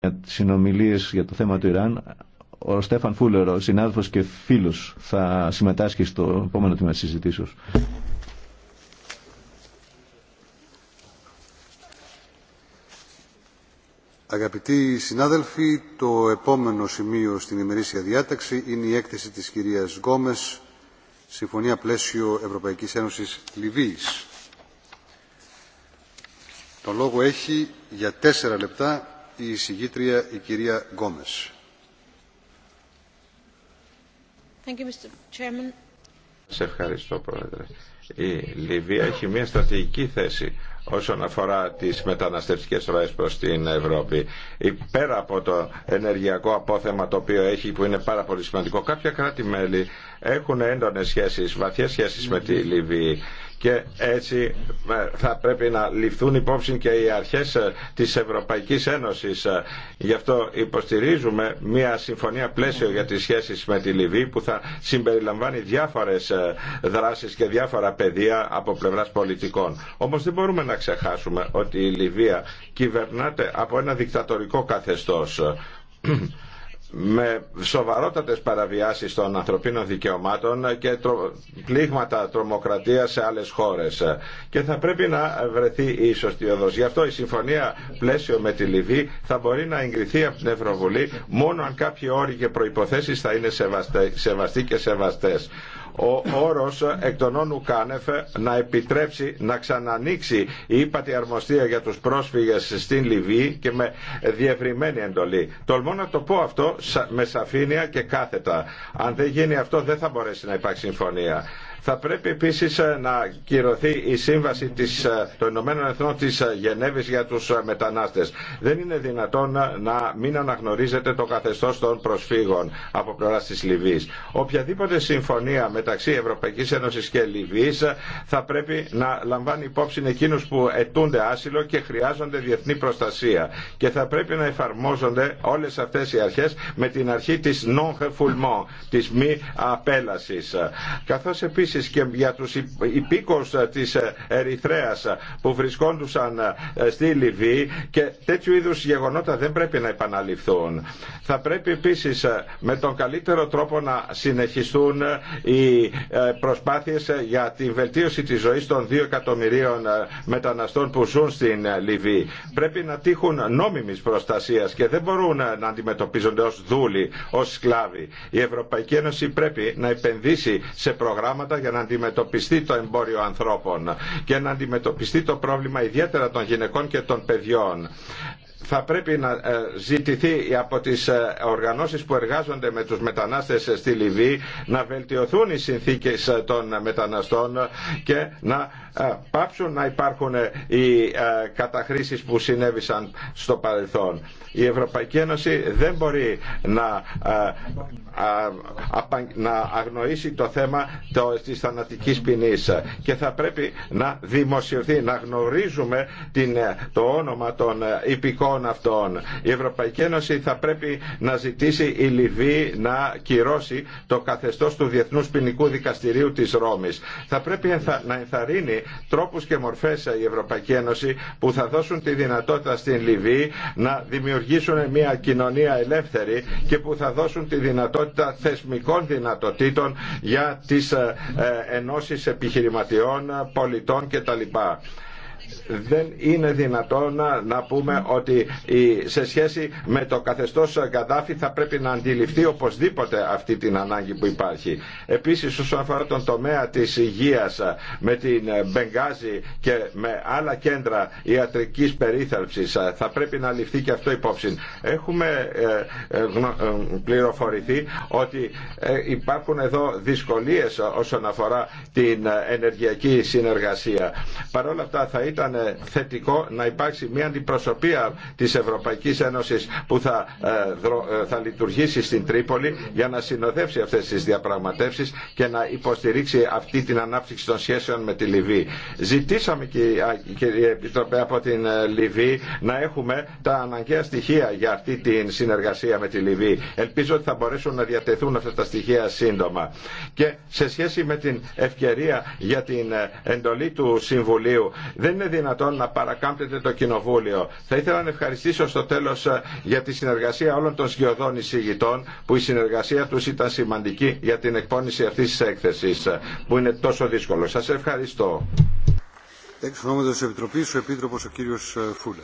για συνομιλίες για το θέμα του Ιράν. Ο Στέφαν Φούλερο, συνάδελφος και φίλος, θα συμμετάσχει στο επόμενο τμήμα της συζητήσεως. Αγαπητοί συνάδελφοι, το επόμενο σημείο στην ημερήσια διάταξη είναι η έκθεση της κυρίας Γκόμες, Συμφωνία Πλαίσιο Ευρωπαϊκής Ένωσης Λιβύης. Το λόγο έχει για τέσσερα λεπτά η εισηγήτρια η κυρία Γκόμες. Σε ευχαριστώ Πρόεδρε. Η Λιβύα έχει μια στρατηγική θέση όσον αφορά τις μεταναστευτικές ροές προς την Ευρώπη. Πέρα από το ενεργειακό απόθεμα το οποίο έχει που είναι πάρα πολύ σημαντικό, κάποια κράτη-μέλη έχουν έντονες σχέσεις, βαθιές σχέσεις με τη Λιβύη και έτσι ε, θα πρέπει να ληφθούν υπόψη και οι αρχές ε, της Ευρωπαϊκής Ένωσης. Ε, γι' αυτό υποστηρίζουμε μια συμφωνία πλαίσιο για τις σχέσεις με τη Λιβύη που θα συμπεριλαμβάνει διάφορες δράσεις και διάφορα πεδία από πλευράς πολιτικών. Όμως δεν μπορούμε να ξεχάσουμε ότι η Λιβύη κυβερνάται από ένα δικτατορικό καθεστώς με σοβαρότατες παραβιάσεις των ανθρωπίνων δικαιωμάτων και πλήγματα τρομοκρατία σε άλλες χώρες. Και θα πρέπει να βρεθεί η σωστή οδός. Γι' αυτό η συμφωνία πλαίσιο με τη Λιβύη θα μπορεί να εγκριθεί από την Ευρωβουλή μόνο αν κάποιοι όροι και προϋποθέσεις θα είναι σεβαστοί και σεβαστές ο όρος εκ των όνου να επιτρέψει να ξανανοίξει η ύπατη αρμοστία για τους πρόσφυγες στην Λιβύη και με διευρυμένη εντολή. Τολμώ να το πω αυτό με σαφήνεια και κάθετα. Αν δεν γίνει αυτό δεν θα μπορέσει να υπάρξει συμφωνία. Θα πρέπει επίση ε, να κυρωθεί η σύμβαση της, ε, των Ηνωμένων Εθνών της ε, Γενέβη για του μετανάστες. Δεν είναι δυνατόν να μην αναγνωρίζεται το καθεστώ των προσφύγων από πλευρά τη Λιβύη. Οποιαδήποτε συμφωνία μεταξύ Ευρωπαϊκή Ένωση και Λιβύη θα πρέπει να λαμβάνει υπόψη εκείνου που ετούνται άσυλο και χρειάζονται διεθνή προστασία. Και θα πρέπει να εφαρμόζονται όλε αυτέ οι αρχέ με την αρχή τη non-refoulement, τη μη απέλαση. Καθώ επίση επίσης και για τους υπήκους ε, της ε, Ερυθρέας ε, που βρισκόντουσαν στη Λιβύη και τέτοιου είδους γεγονότα δεν πρέπει να επαναληφθούν. Θα πρέπει επίσης με τον καλύτερο τρόπο να συνεχιστούν οι προσπάθειες για τη βελτίωση της ζωής των δύο εκατομμυρίων μεταναστών που ζουν στην Λιβύη. Πρέπει να τύχουν νόμιμης προστασίας και δεν μπορούν να αντιμετωπίζονται ως δούλοι, ως σκλάβοι. Η Ευρωπαϊκή Ένωση πρέπει να επενδύσει σε προγράμματα για να αντιμετωπιστεί το εμπόριο ανθρώπων και να αντιμετωπιστεί το πρόβλημα ιδιαίτερα των γυναικών και των παιδιών θα πρέπει να ε, ζητηθεί από τις ε, οργανώσεις που εργάζονται με τους μετανάστες ε, στη Λιβύη να βελτιωθούν οι συνθήκες των μεταναστών και να πάψουν να υπάρχουν οι καταχρήσεις που συνέβησαν στο παρελθόν. Η Ευρωπαϊκή Ένωση δεν μπορεί να, να αγνοήσει το θέμα της θανατικής ποινής και θα πρέπει να δημοσιευθεί, να γνωρίζουμε την, το όνομα των υπηκών η Ευρωπαϊκή Ένωση θα πρέπει να ζητήσει η Λιβύη να κυρώσει το καθεστώς του Διεθνούς Ποινικού Δικαστηρίου της Ρώμης. Θα πρέπει να ενθαρρύνει τρόπους και μορφές ε, η Ευρωπαϊκή Ένωση που θα δώσουν τη δυνατότητα στην Λιβύη να δημιουργήσουν μια κοινωνία ελεύθερη και που θα δώσουν τη δυνατότητα θεσμικών δυνατοτήτων για τις ε, ε, ενώσεις επιχειρηματιών, πολιτών κτλ δεν είναι δυνατόν να, πούμε ότι η, σε σχέση με το καθεστώς γκαδάφι θα πρέπει να αντιληφθεί οπωσδήποτε αυτή την ανάγκη που υπάρχει. Επίσης όσον αφορά τον τομέα της υγείας με την Μπενγάζη και με άλλα κέντρα ιατρικής περίθαλψης θα πρέπει να ληφθεί και αυτό υπόψη. Έχουμε ε, ε, ε, πληροφορηθεί ότι υπάρχουν εδώ δυσκολίες όσον αφορά την ενεργειακή συνεργασία. Παρ' όλα αυτά θα ήταν ε, θετικό να υπάρξει μια αντιπροσωπεία της Ευρωπαϊκής Ένωσης που θα, ε, ε, θα λειτουργήσει στην Τρίπολη για να συνοδεύσει αυτές τις διαπραγματεύσεις και να υποστηρίξει αυτή την ανάπτυξη των σχέσεων με τη Λιβύη. Ζητήσαμε κύριε Επιτροπέ από την Λιβύη να έχουμε τα αναγκαία στοιχεία για αυτή την συνεργασία με τη Λιβύη. Ελπίζω ότι θα μπορέσουν να διατεθούν αυτά τα στοιχεία σύντομα. Και σε σχέση με την ευκαιρία για την εντολή του Συμβουλίου δεν δυνατόν να παρακάμπτεται το Κοινοβούλιο. Θα ήθελα να ευχαριστήσω στο τέλο ε, για τη συνεργασία όλων των σκιωδών εισηγητών, που η συνεργασία του ήταν σημαντική για την εκπόνηση αυτή τη έκθεση, ε, που είναι τόσο δύσκολο. Σα ευχαριστώ. Εξ ονόματος Επιτροπής, ο Επίτροπος ο κύριος ε, Φούλε.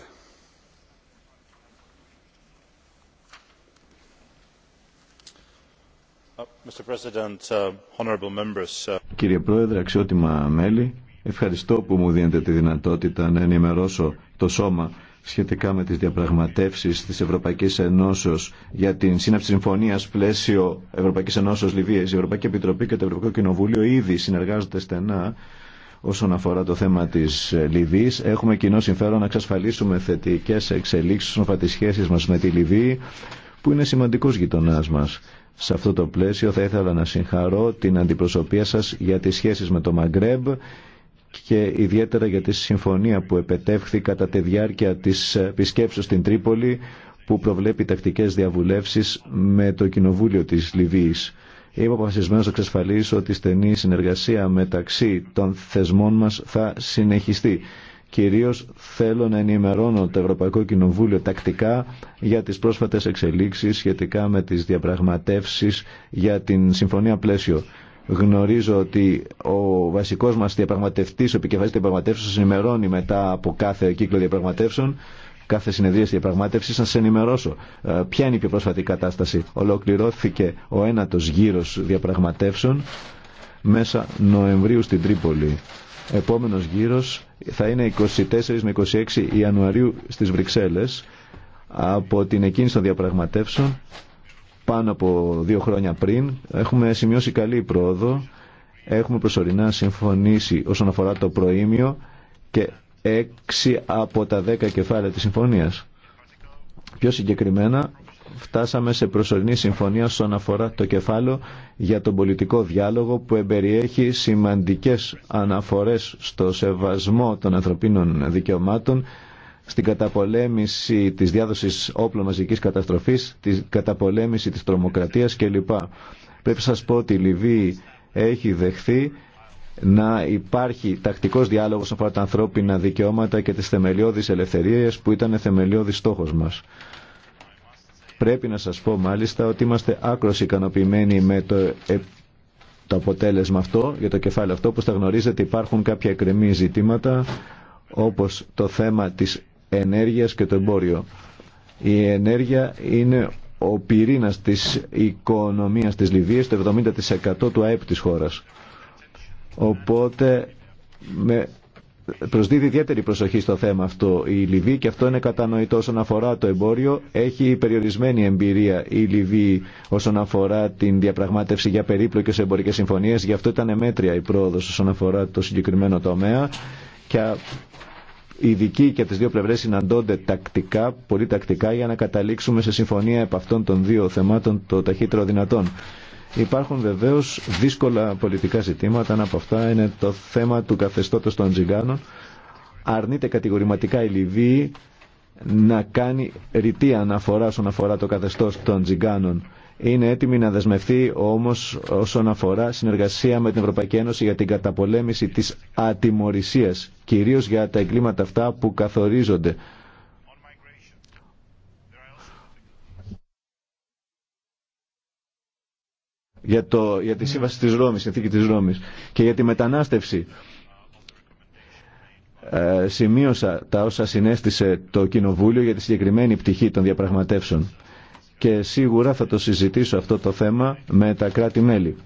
Oh, uh, uh, Κύριε Πρόεδρε, αξιότιμα μέλη, Ευχαριστώ που μου δίνετε τη δυνατότητα να ενημερώσω το σώμα σχετικά με τις διαπραγματεύσεις της Ευρωπαϊκής Ενώσεως για την σύναψη συμφωνίας πλαίσιο Ευρωπαϊκής Ενώσεως Λιβύης. Η Ευρωπαϊκή Επιτροπή και το Ευρωπαϊκό Κοινοβούλιο ήδη συνεργάζονται στενά όσον αφορά το θέμα της Λιβύης. Έχουμε κοινό συμφέρον να εξασφαλίσουμε θετικές εξελίξεις όσον αφορά σχέσεις μας με τη Λιβύη που είναι σημαντικός γειτονάς μας. Σε αυτό το πλαίσιο θα ήθελα να συγχαρώ την αντιπροσωπεία σας για τις σχέσεις με το Μαγκρέμπ και ιδιαίτερα για τη συμφωνία που επετεύχθη κατά τη διάρκεια της επισκέψεως στην Τρίπολη που προβλέπει τακτικές διαβουλεύσεις με το Κοινοβούλιο της Λιβύης. Είμαι αποφασισμένος να εξασφαλίσω ότι η στενή συνεργασία μεταξύ των θεσμών μας θα συνεχιστεί. Κυρίως θέλω να ενημερώνω το Ευρωπαϊκό Κοινοβούλιο τακτικά για τις πρόσφατες εξελίξεις σχετικά με τις διαπραγματεύσεις για την Συμφωνία Πλαίσιο. Γνωρίζω ότι ο βασικό μα διαπραγματεύτη ο επικεφαλής διαπραγματεύσεων, σα ενημερώνει μετά από κάθε κύκλο διαπραγματεύσεων, κάθε συνεδρία διαπραγμάτευση, να σα ενημερώσω ε, ποια είναι η πιο πρόσφατη κατάσταση. Ολοκληρώθηκε ο ένατο γύρο διαπραγματεύσεων μέσα Νοεμβρίου στην Τρίπολη. επόμενο γύρος θα είναι 24 με 26 Ιανουαρίου στι Βρυξέλλες από την εκείνη των διαπραγματεύσεων πάνω από δύο χρόνια πριν. Έχουμε σημειώσει καλή πρόοδο. Έχουμε προσωρινά συμφωνήσει όσον αφορά το προήμιο και έξι από τα δέκα κεφάλαια της συμφωνίας. Πιο συγκεκριμένα, φτάσαμε σε προσωρινή συμφωνία όσον αφορά το κεφάλαιο για τον πολιτικό διάλογο που εμπεριέχει σημαντικές αναφορές στο σεβασμό των ανθρωπίνων δικαιωμάτων στην καταπολέμηση της διάδοσης όπλων μαζικής καταστροφής, της καταπολέμηση της τρομοκρατίας κλπ. Πρέπει να σας πω ότι η Λιβύη έχει δεχθεί να υπάρχει τακτικός διάλογος αφορά τα ανθρώπινα δικαιώματα και τις θεμελιώδεις ελευθερίες που ήταν θεμελιώδης στόχος μας. Πρέπει να σας πω μάλιστα ότι είμαστε άκρος ικανοποιημένοι με το, ε, το αποτέλεσμα αυτό, για το κεφάλαιο αυτό, όπως τα γνωρίζετε υπάρχουν κάποια εκκρεμή ζητήματα όπως το θέμα της ενέργειας και το εμπόριο. Η ενέργεια είναι ο πυρήνας της οικονομίας της Λιβύης, το 70% του ΑΕΠ της χώρας. Οπότε με προσδίδει ιδιαίτερη προσοχή στο θέμα αυτό η Λιβύη και αυτό είναι κατανοητό όσον αφορά το εμπόριο. Έχει περιορισμένη εμπειρία η Λιβύη όσον αφορά την διαπραγμάτευση για περίπλοκες εμπορικές συμφωνίες. Γι' αυτό ήταν μέτρια η πρόοδος όσον αφορά το συγκεκριμένο τομέα και οι ειδικοί και τι τις δύο πλευρές συναντώνται τακτικά, πολύ τακτικά για να καταλήξουμε σε συμφωνία επ' αυτών των δύο θεμάτων το ταχύτερο δυνατόν. Υπάρχουν βεβαίως δύσκολα πολιτικά ζητήματα, ένα από αυτά είναι το θέμα του καθεστώτος των τζιγκάνων. Αρνείται κατηγορηματικά η Λιβύη να κάνει ρητή αναφορά όσον αφορά το καθεστώς των τζιγκάνων. Είναι έτοιμη να δεσμευτεί όμως όσον αφορά συνεργασία με την Ευρωπαϊκή Ένωση για την καταπολέμηση της ατιμορρησίας κυρίως για τα εγκλήματα αυτά που καθορίζονται. Για, το, για τη σύμβαση της Ρώμης, συνθήκη της Ρώμης και για τη μετανάστευση. Ε, σημείωσα τα όσα συνέστησε το Κοινοβούλιο για τη συγκεκριμένη πτυχή των διαπραγματεύσεων και σίγουρα θα το συζητήσω αυτό το θέμα με τα κράτη-μέλη.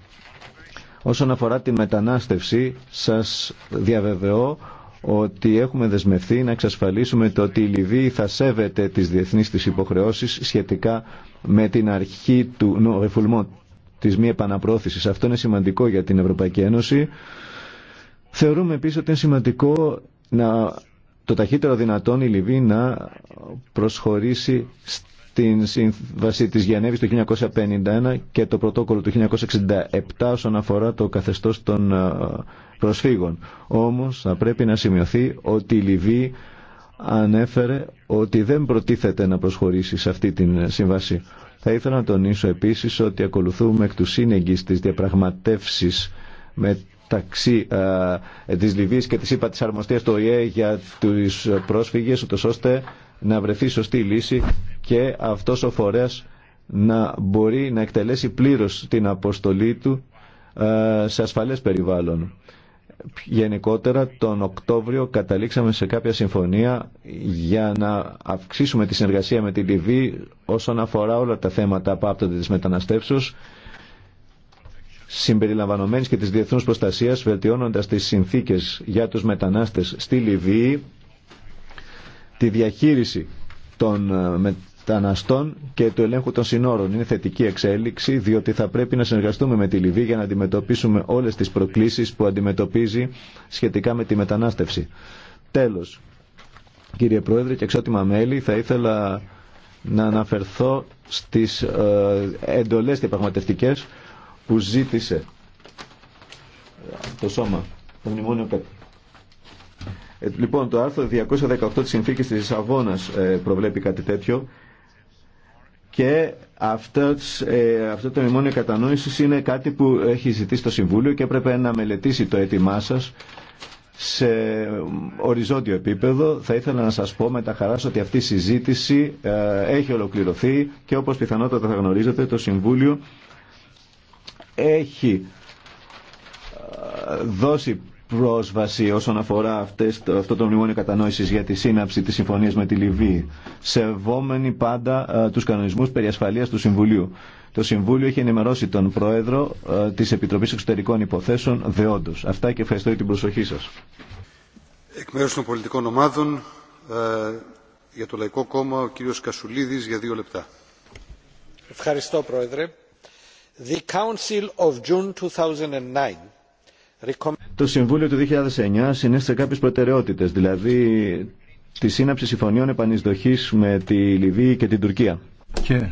Όσον αφορά τη μετανάστευση, σας διαβεβαιώ ότι έχουμε δεσμευθεί να εξασφαλίσουμε το ότι η Λιβύη θα σέβεται τις διεθνείς της υποχρεώσεις σχετικά με την αρχή του νοεφουλμό της μη επαναπρόθεσης. Αυτό είναι σημαντικό για την Ευρωπαϊκή Ένωση. Θεωρούμε επίσης ότι είναι σημαντικό να, το ταχύτερο δυνατόν η Λιβύη να προσχωρήσει στην Σύμβαση της Γενέβης του 1951 και το πρωτόκολλο του 1967 όσον αφορά το καθεστώς των ε, προσφύγων. Όμως θα πρέπει να σημειωθεί ότι η Λιβύη ανέφερε ότι δεν προτίθεται να προσχωρήσει σε αυτή την σύμβαση. Θα ήθελα να τονίσω επίσης ότι ακολουθούμε εκ του σύνεγγυς τις διαπραγματεύσεις μεταξύ ε, της Λιβύης και της ΥΠΑ της Αρμοστίας του ΟΗΕ για τους πρόσφυγες, ούτως ώστε να βρεθεί σωστή λύση και αυτός ο φορέας να μπορεί να εκτελέσει πλήρως την αποστολή του ε, σε ασφαλές περιβάλλον. Γενικότερα τον Οκτώβριο καταλήξαμε σε κάποια συμφωνία για να αυξήσουμε τη συνεργασία με τη Λιβύη όσον αφορά όλα τα θέματα που άπτονται της μεταναστεύσεως συμπεριλαμβανομένης και της διεθνούς προστασίας βελτιώνοντας τις συνθήκες για τους μετανάστες στη Λιβύη τη διαχείριση των ε, μεταναστών και του ελέγχου των συνόρων. Είναι θετική εξέλιξη διότι θα πρέπει να συνεργαστούμε με τη Λιβύη για να αντιμετωπίσουμε όλες τις προκλήσεις που αντιμετωπίζει σχετικά με τη μετανάστευση. Τέλος, κύριε Πρόεδρε και εξότιμα μέλη, θα ήθελα να αναφερθώ στις ε, εντολές διαπραγματευτικές που ζήτησε το σώμα, το μνημόνιο ε, λοιπόν, το άρθρο 218 της Συνθήκης της Λισαβόνας ε, προβλέπει κάτι τέτοιο και αυτός, ε, αυτό το μνημόνιο κατανόησης είναι κάτι που έχει ζητήσει το Συμβούλιο και έπρεπε να μελετήσει το έτοιμά σας σε οριζόντιο επίπεδο θα ήθελα να σας πω με τα χαράς ότι αυτή η συζήτηση έχει ολοκληρωθεί και όπως πιθανότατα θα γνωρίζετε το Συμβούλιο έχει δώσει πρόσβαση όσον αφορά αυτές, αυτό το μνημόνιο κατανόηση για τη σύναψη τη συμφωνία με τη Λιβύη, σεβόμενοι πάντα ε, τους κανονισμούς περί ασφαλείας του Συμβουλίου. Το Συμβούλιο έχει ενημερώσει τον Πρόεδρο ε, της Επιτροπής Εξωτερικών Υποθέσεων δεόντως. Αυτά και ευχαριστώ για την προσοχή σα. Εκ των πολιτικών ομάδων, ε, για το Λαϊκό Κόμμα, ο για δύο λεπτά. Ευχαριστώ, Πρόεδρε. The Council of June 2009 το Συμβούλιο του 2009 συνέστησε κάποιε προτεραιότητε, δηλαδή τη σύναψη συμφωνιών επανεισδοχή με τη Λιβύη και την Τουρκία. Και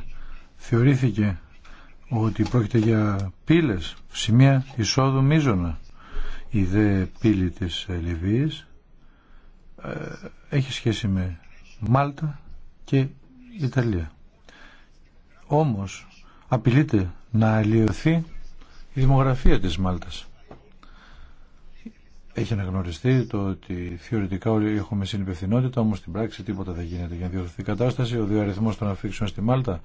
θεωρήθηκε ότι πρόκειται για πύλες, σημεία εισόδου μίζωνα. Η δε πύλη της Λιβύης ε, έχει σχέση με Μάλτα και Ιταλία. Όμως απειλείται να αλλοιωθεί η δημογραφία της Μάλτας. Έχει αναγνωριστεί το ότι θεωρητικά όλοι έχουμε συνυπευθυνότητα, όμω στην πράξη τίποτα δεν γίνεται για να διορθωθεί η κατάσταση. Ο αριθμό των αφήξεων στη Μάλτα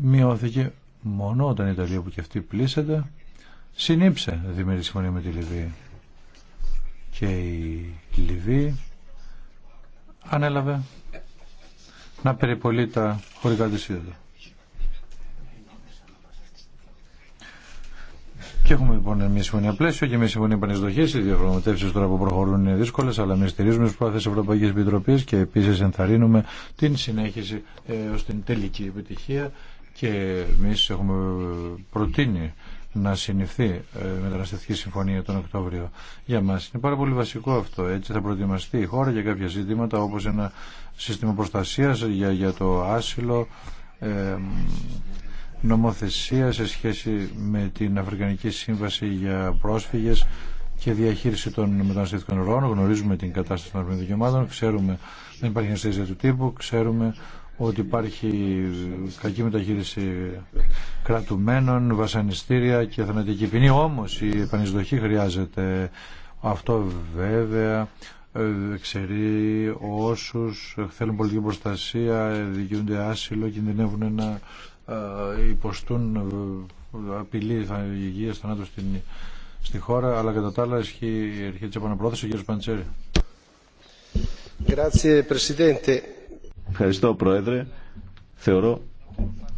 μειώθηκε μόνο όταν η Ιταλία που και αυτή πλήσεται συνήψε διμερή συμφωνία με τη Λιβύη. Και η Λιβύη ανέλαβε να περιπολεί τα χωρικά τη. Και έχουμε λοιπόν μια συμφωνία πλαίσιο και μια συμφωνία πανεσδοχή. Οι διαπραγματεύσει τώρα που προχωρούν είναι δύσκολε, αλλά εμεί στηρίζουμε τι προάθειε Ευρωπαϊκή Επιτροπή και επίση ενθαρρύνουμε την συνέχιση ε, ω την τελική επιτυχία. Και εμεί έχουμε προτείνει να συνηθεί ε, μεταναστευτική συμφωνία τον Οκτώβριο για μα. Είναι πάρα πολύ βασικό αυτό. Έτσι θα προετοιμαστεί η χώρα για κάποια ζητήματα όπω ένα σύστημα προστασία για, για το άσυλο. Ε, νομοθεσία σε σχέση με την Αφρικανική Σύμβαση για πρόσφυγες και διαχείριση των μεταναστευτικών ροών. Γνωρίζουμε την κατάσταση των αρμενικών δικαιωμάτων, ξέρουμε δεν υπάρχει αναισθησία του τύπου, ξέρουμε ότι υπάρχει κακή μεταχείριση κρατουμένων, βασανιστήρια και θανατική ποινή. Όμως η επανεισδοχή χρειάζεται. Αυτό βέβαια εξαιρεί όσους θέλουν πολιτική προστασία, δικαιούνται άσυλο, κινδυνεύουν να ε, υποστούν ε, απειλή υγείας θανάτου στην, στη χώρα, αλλά κατά τα άλλα ισχύει η αρχή της επαναπρόθεσης, ο κ. Παντσέρη. Ευχαριστώ, Πρόεδρε. Θεωρώ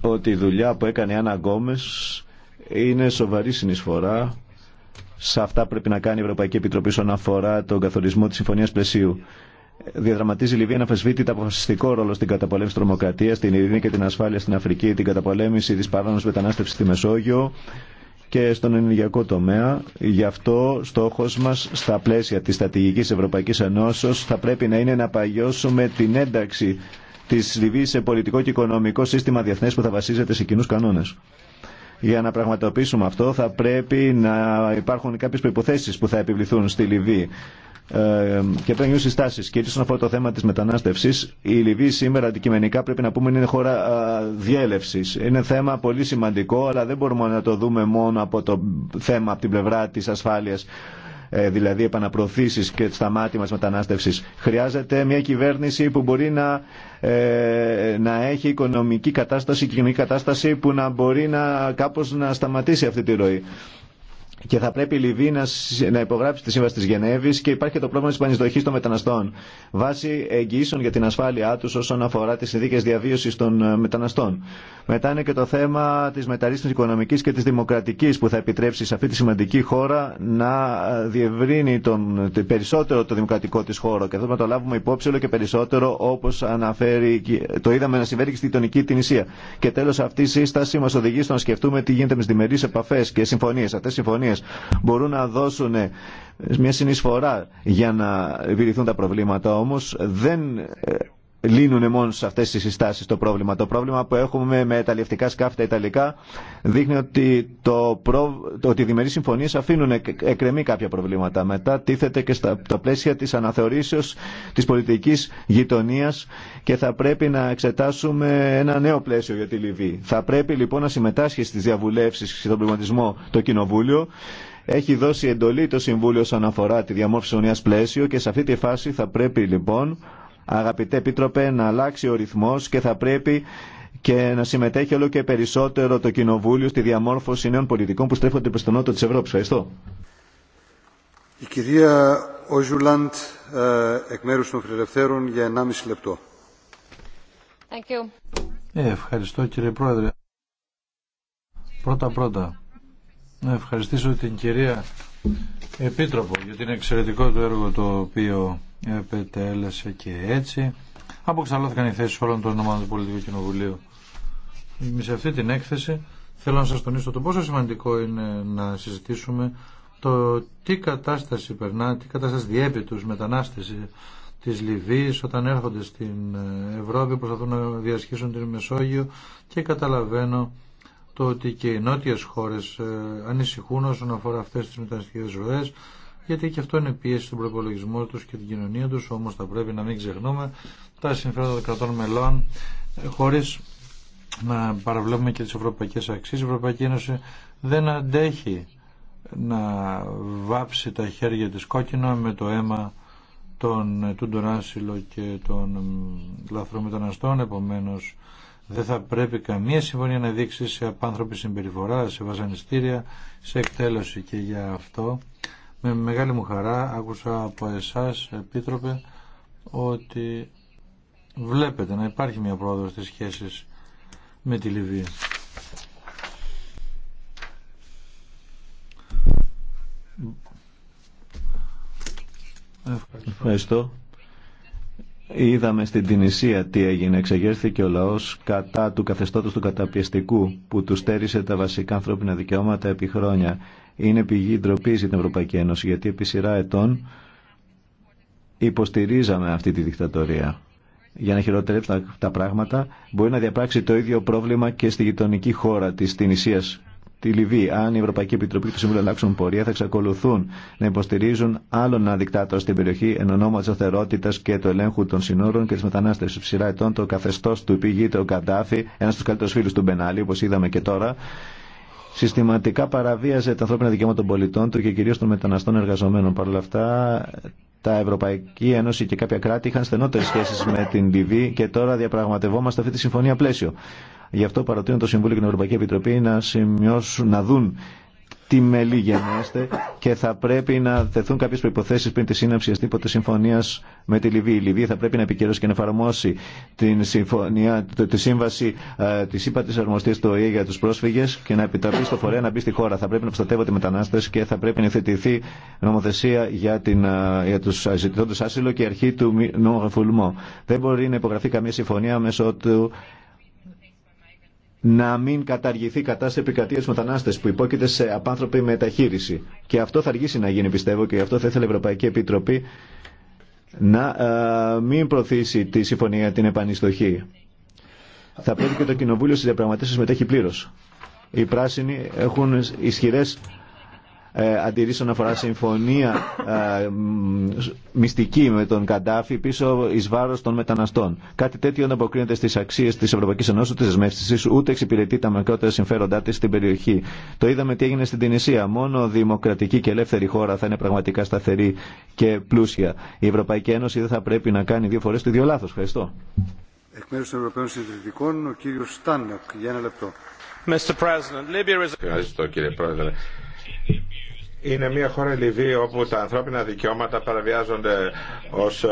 ότι η δουλειά που έκανε η Άννα Γκόμες είναι σοβαρή συνεισφορά σε αυτά πρέπει να κάνει η Ευρωπαϊκή Επιτροπή όσον αφορά τον καθορισμό της Συμφωνίας Πλαισίου διαδραματίζει η Λιβύη αναφεσβήτητα αποφασιστικό ρόλο στην καταπολέμηση τη Τρομοκρατία, την ειρήνη και την ασφάλεια στην Αφρική, την καταπολέμηση τη παράνομης μετανάστευση στη Μεσόγειο και στον ενεργειακό τομέα. Γι' αυτό στόχο μα στα πλαίσια τη στρατηγική Ευρωπαϊκή Ενώσεω θα πρέπει να είναι να παγιώσουμε την ένταξη τη Λιβύη σε πολιτικό και οικονομικό σύστημα διεθνέ που θα βασίζεται σε κοινού κανόνε. Για να πραγματοποιήσουμε αυτό θα πρέπει να υπάρχουν κάποιες προϋποθέσεις που θα επιβληθούν στη Λιβύη και παίρνει συστάσει. Και όσον αφορά το θέμα τη μετανάστευση, η Λιβύη σήμερα αντικειμενικά πρέπει να πούμε είναι χώρα διέλευση. Είναι θέμα πολύ σημαντικό, αλλά δεν μπορούμε να το δούμε μόνο από το θέμα από την πλευρά τη ασφάλεια ε, δηλαδή επαναπροωθήσεις και σταμάτημα μας μετανάστευσης. Χρειάζεται μια κυβέρνηση που μπορεί να, ε, να έχει οικονομική κατάσταση, κοινωνική κατάσταση που να μπορεί να, κάπως να σταματήσει αυτή τη ροή και θα πρέπει η Λιβύη να, να υπογράψει τη Σύμβαση τη Γενέβη και υπάρχει και το πρόβλημα τη πανεισδοχή των μεταναστών. Βάσει εγγύσεων για την ασφάλειά του όσον αφορά τι συνθήκε διαβίωση των ε, μεταναστών. Μετά είναι και το θέμα τη μεταρρύθμιση οικονομική και τη δημοκρατική που θα επιτρέψει σε αυτή τη σημαντική χώρα να ε, διευρύνει τον, περισσότερο το δημοκρατικό τη χώρο. Και αυτό να το λάβουμε υπόψη όλο και περισσότερο όπω αναφέρει, το είδαμε να συμβαίνει και στη γειτονική την Και τέλο αυτή η σύσταση μα οδηγεί στο να σκεφτούμε τι γίνεται με τι επαφέ και συμφωνίε. Αυτέ συμφωνίε μπορούν να δώσουν ε, μια συνεισφορά για να επιληθούν τα προβλήματα όμως δεν ε, λύνουν μόνο σε αυτές τις συστάσεις το πρόβλημα. Το πρόβλημα που έχουμε με τα λιευτικά σκάφη ιταλικά δείχνει ότι, το οι διμερεί συμφωνίες αφήνουν εκρεμή κάποια προβλήματα. Μετά τίθεται και στα τα πλαίσια της αναθεωρήσεως της πολιτικής γειτονίας και θα πρέπει να εξετάσουμε ένα νέο πλαίσιο για τη Λιβύη. Θα πρέπει λοιπόν να συμμετάσχει στις διαβουλεύσεις και στον πληματισμό το Κοινοβούλιο έχει δώσει εντολή το Συμβούλιο όσον αφορά τη διαμόρφωση πλαίσιο και σε αυτή τη φάση θα πρέπει λοιπόν αγαπητέ Επίτροπε, να αλλάξει ο ρυθμός και θα πρέπει και να συμμετέχει όλο και περισσότερο το Κοινοβούλιο στη διαμόρφωση νέων πολιτικών που στρέφονται προς τον νότο της Ευρώπης. Ευχαριστώ. Η κυρία Οζουλάντ, ε, εκ μέρους των Φιλελευθέρων, για 1,5 λεπτό. Thank you. Ε, ευχαριστώ κύριε Πρόεδρε. Πρώτα-πρώτα, να ευχαριστήσω την κυρία Επίτροπο για την εξαιρετικό του έργο το οποίο επετέλεσε και έτσι αποξαλώθηκαν οι θέσει όλων των ομάδων του Πολιτικού Κοινοβουλίου. Σε αυτή την έκθεση θέλω να σα τονίσω το πόσο σημαντικό είναι να συζητήσουμε το τι κατάσταση περνά, τι κατάσταση διέπει του μετανάστες τη Λιβύη όταν έρχονται στην Ευρώπη, προσπαθούν να διασχίσουν την Μεσόγειο και καταλαβαίνω το ότι και οι νότιες χώρες ε, ανησυχούν όσον αφορά αυτές τις μεταναστικές ροές γιατί και αυτό είναι πίεση στον προπολογισμό του και την κοινωνία του. Όμω θα πρέπει να μην ξεχνούμε τα συμφέροντα των κρατών μελών, ε, χωρί να παραβλέπουμε και τι ευρωπαϊκέ αξίε. Η Ευρωπαϊκή Ένωση δεν αντέχει να βάψει τα χέρια της κόκκινα με το αίμα των, ε, του Ντοράσιλο και των λαθρομεταναστών. Επομένως, δεν θα πρέπει καμία συμφωνία να δείξει σε απάνθρωπη συμπεριφορά, σε βασανιστήρια, σε εκτέλεση και για αυτό με μεγάλη μου χαρά άκουσα από εσάς, Επίτροπε, ότι βλέπετε να υπάρχει μια πρόοδο στις σχέσεις με τη Λιβύη. Ευχαριστώ. Είδαμε στην Τινησία τι έγινε. Εξεγέρθηκε ο λαός κατά του καθεστώτος του καταπιεστικού που του στέρισε τα βασικά ανθρώπινα δικαιώματα επί χρόνια είναι πηγή ντροπή για την Ευρωπαϊκή Ένωση, γιατί επί σειρά ετών υποστηρίζαμε αυτή τη δικτατορία. Για να χειροτερέψουμε τα πράγματα, μπορεί να διαπράξει το ίδιο πρόβλημα και στη γειτονική χώρα τη Τινησία, τη Λιβύη. Αν η Ευρωπαϊκή Επιτροπή και το Συμβούλιο αλλάξουν πορεία, θα εξακολουθούν να υποστηρίζουν άλλον ένα δικτάτορα στην περιοχή εν ονόμα τη αθερότητα και του ελέγχου των συνόρων και τη μετανάστευση. Ψηρά ετών το καθεστώ του πηγείται ο Καντάφη, ένα του καλύτερου φίλου του Μπενάλη, όπω είδαμε και τώρα, συστηματικά παραβίαζε τα ανθρώπινα δικαιώματα των πολιτών του και κυρίω των μεταναστών εργαζομένων. Παρ' όλα αυτά, τα Ευρωπαϊκή Ένωση και κάποια κράτη είχαν στενότερε σχέσει με την Λιβύη και τώρα διαπραγματευόμαστε αυτή τη συμφωνία πλαίσιο. Γι' αυτό παροτείνω το Συμβούλιο και την Ευρωπαϊκή Επιτροπή να, σημειώσουν, να δουν τι μελη γεννάστε και θα πρέπει να τεθούν κάποιε προποθέσει πριν τη σύναψη οποιασδήποτε συμφωνία με τη Λιβύη. Η Λιβύη θα πρέπει να επικυρώσει και να εφαρμόσει την συμφωνία, τη σύμβαση ε, τη ΥΠΑ τη Αρμοστία του ΟΗΕ για του πρόσφυγε και να επιτραπεί στο φορέα να μπει στη χώρα. Θα πρέπει να προστατεύονται οι μετανάστε και θα πρέπει να υιοθετηθεί νομοθεσία για, την, ε, για του άσυλο και αρχή του νόμου Δεν μπορεί να υπογραφεί καμία συμφωνία μέσω του να μην καταργηθεί η κατάσταση επικρατεία του που υπόκειται σε απάνθρωπη μεταχείριση. Και αυτό θα αργήσει να γίνει, πιστεύω, και αυτό θα ήθελε η Ευρωπαϊκή Επιτροπή να ε, μην προωθήσει τη συμφωνία την επανιστοχή. Θα πρέπει και το Κοινοβούλιο στι διαπραγματεύσει συμμετέχει πλήρω. Οι πράσινοι έχουν ισχυρέ ε, αντιρρήσεων αφορά συμφωνία ε, μυστική με τον Καντάφη πίσω εις βάρος των μεταναστών. Κάτι τέτοιο δεν αποκρίνεται στι αξίε τη Ευρωπαϊκή Ενώσης ούτε στι ούτε εξυπηρετεί τα μακρότερα συμφέροντά τη στην περιοχή. Το είδαμε τι έγινε στην Τινησία. Μόνο δημοκρατική και ελεύθερη χώρα θα είναι πραγματικά σταθερή και πλούσια. Η Ευρωπαϊκή Ένωση δεν θα πρέπει να κάνει δύο φορέ το ίδιο λάθο. Ευχαριστώ. Εκ ο κύριος για ένα λεπτό. Ευχαριστώ κύριε Πρόεδρε είναι μια χώρα Λιβύη όπου τα ανθρώπινα δικαιώματα παραβιάζονται ως ε,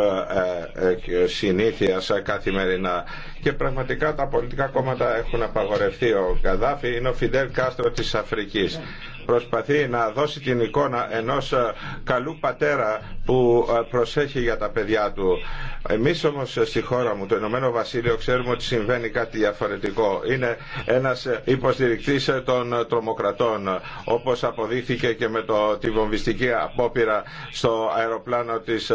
ε, ε, συνήθεια καθημερινά και πραγματικά τα πολιτικά κόμματα έχουν απαγορευτεί. Ο Καδάφη είναι ο Φιντέρ Κάστρο της Αφρικής προσπαθεί να δώσει την εικόνα ενός ε, καλού πατέρα που ε, προσέχει για τα παιδιά του. Εμείς όμως ε, στη χώρα μου, το Ηνωμένο Βασίλειο, ξέρουμε ότι συμβαίνει κάτι διαφορετικό. Είναι ένας υποστηρικτής των τρομοκρατών, όπως αποδείχθηκε και με το, τη βομβιστική απόπειρα στο αεροπλάνο της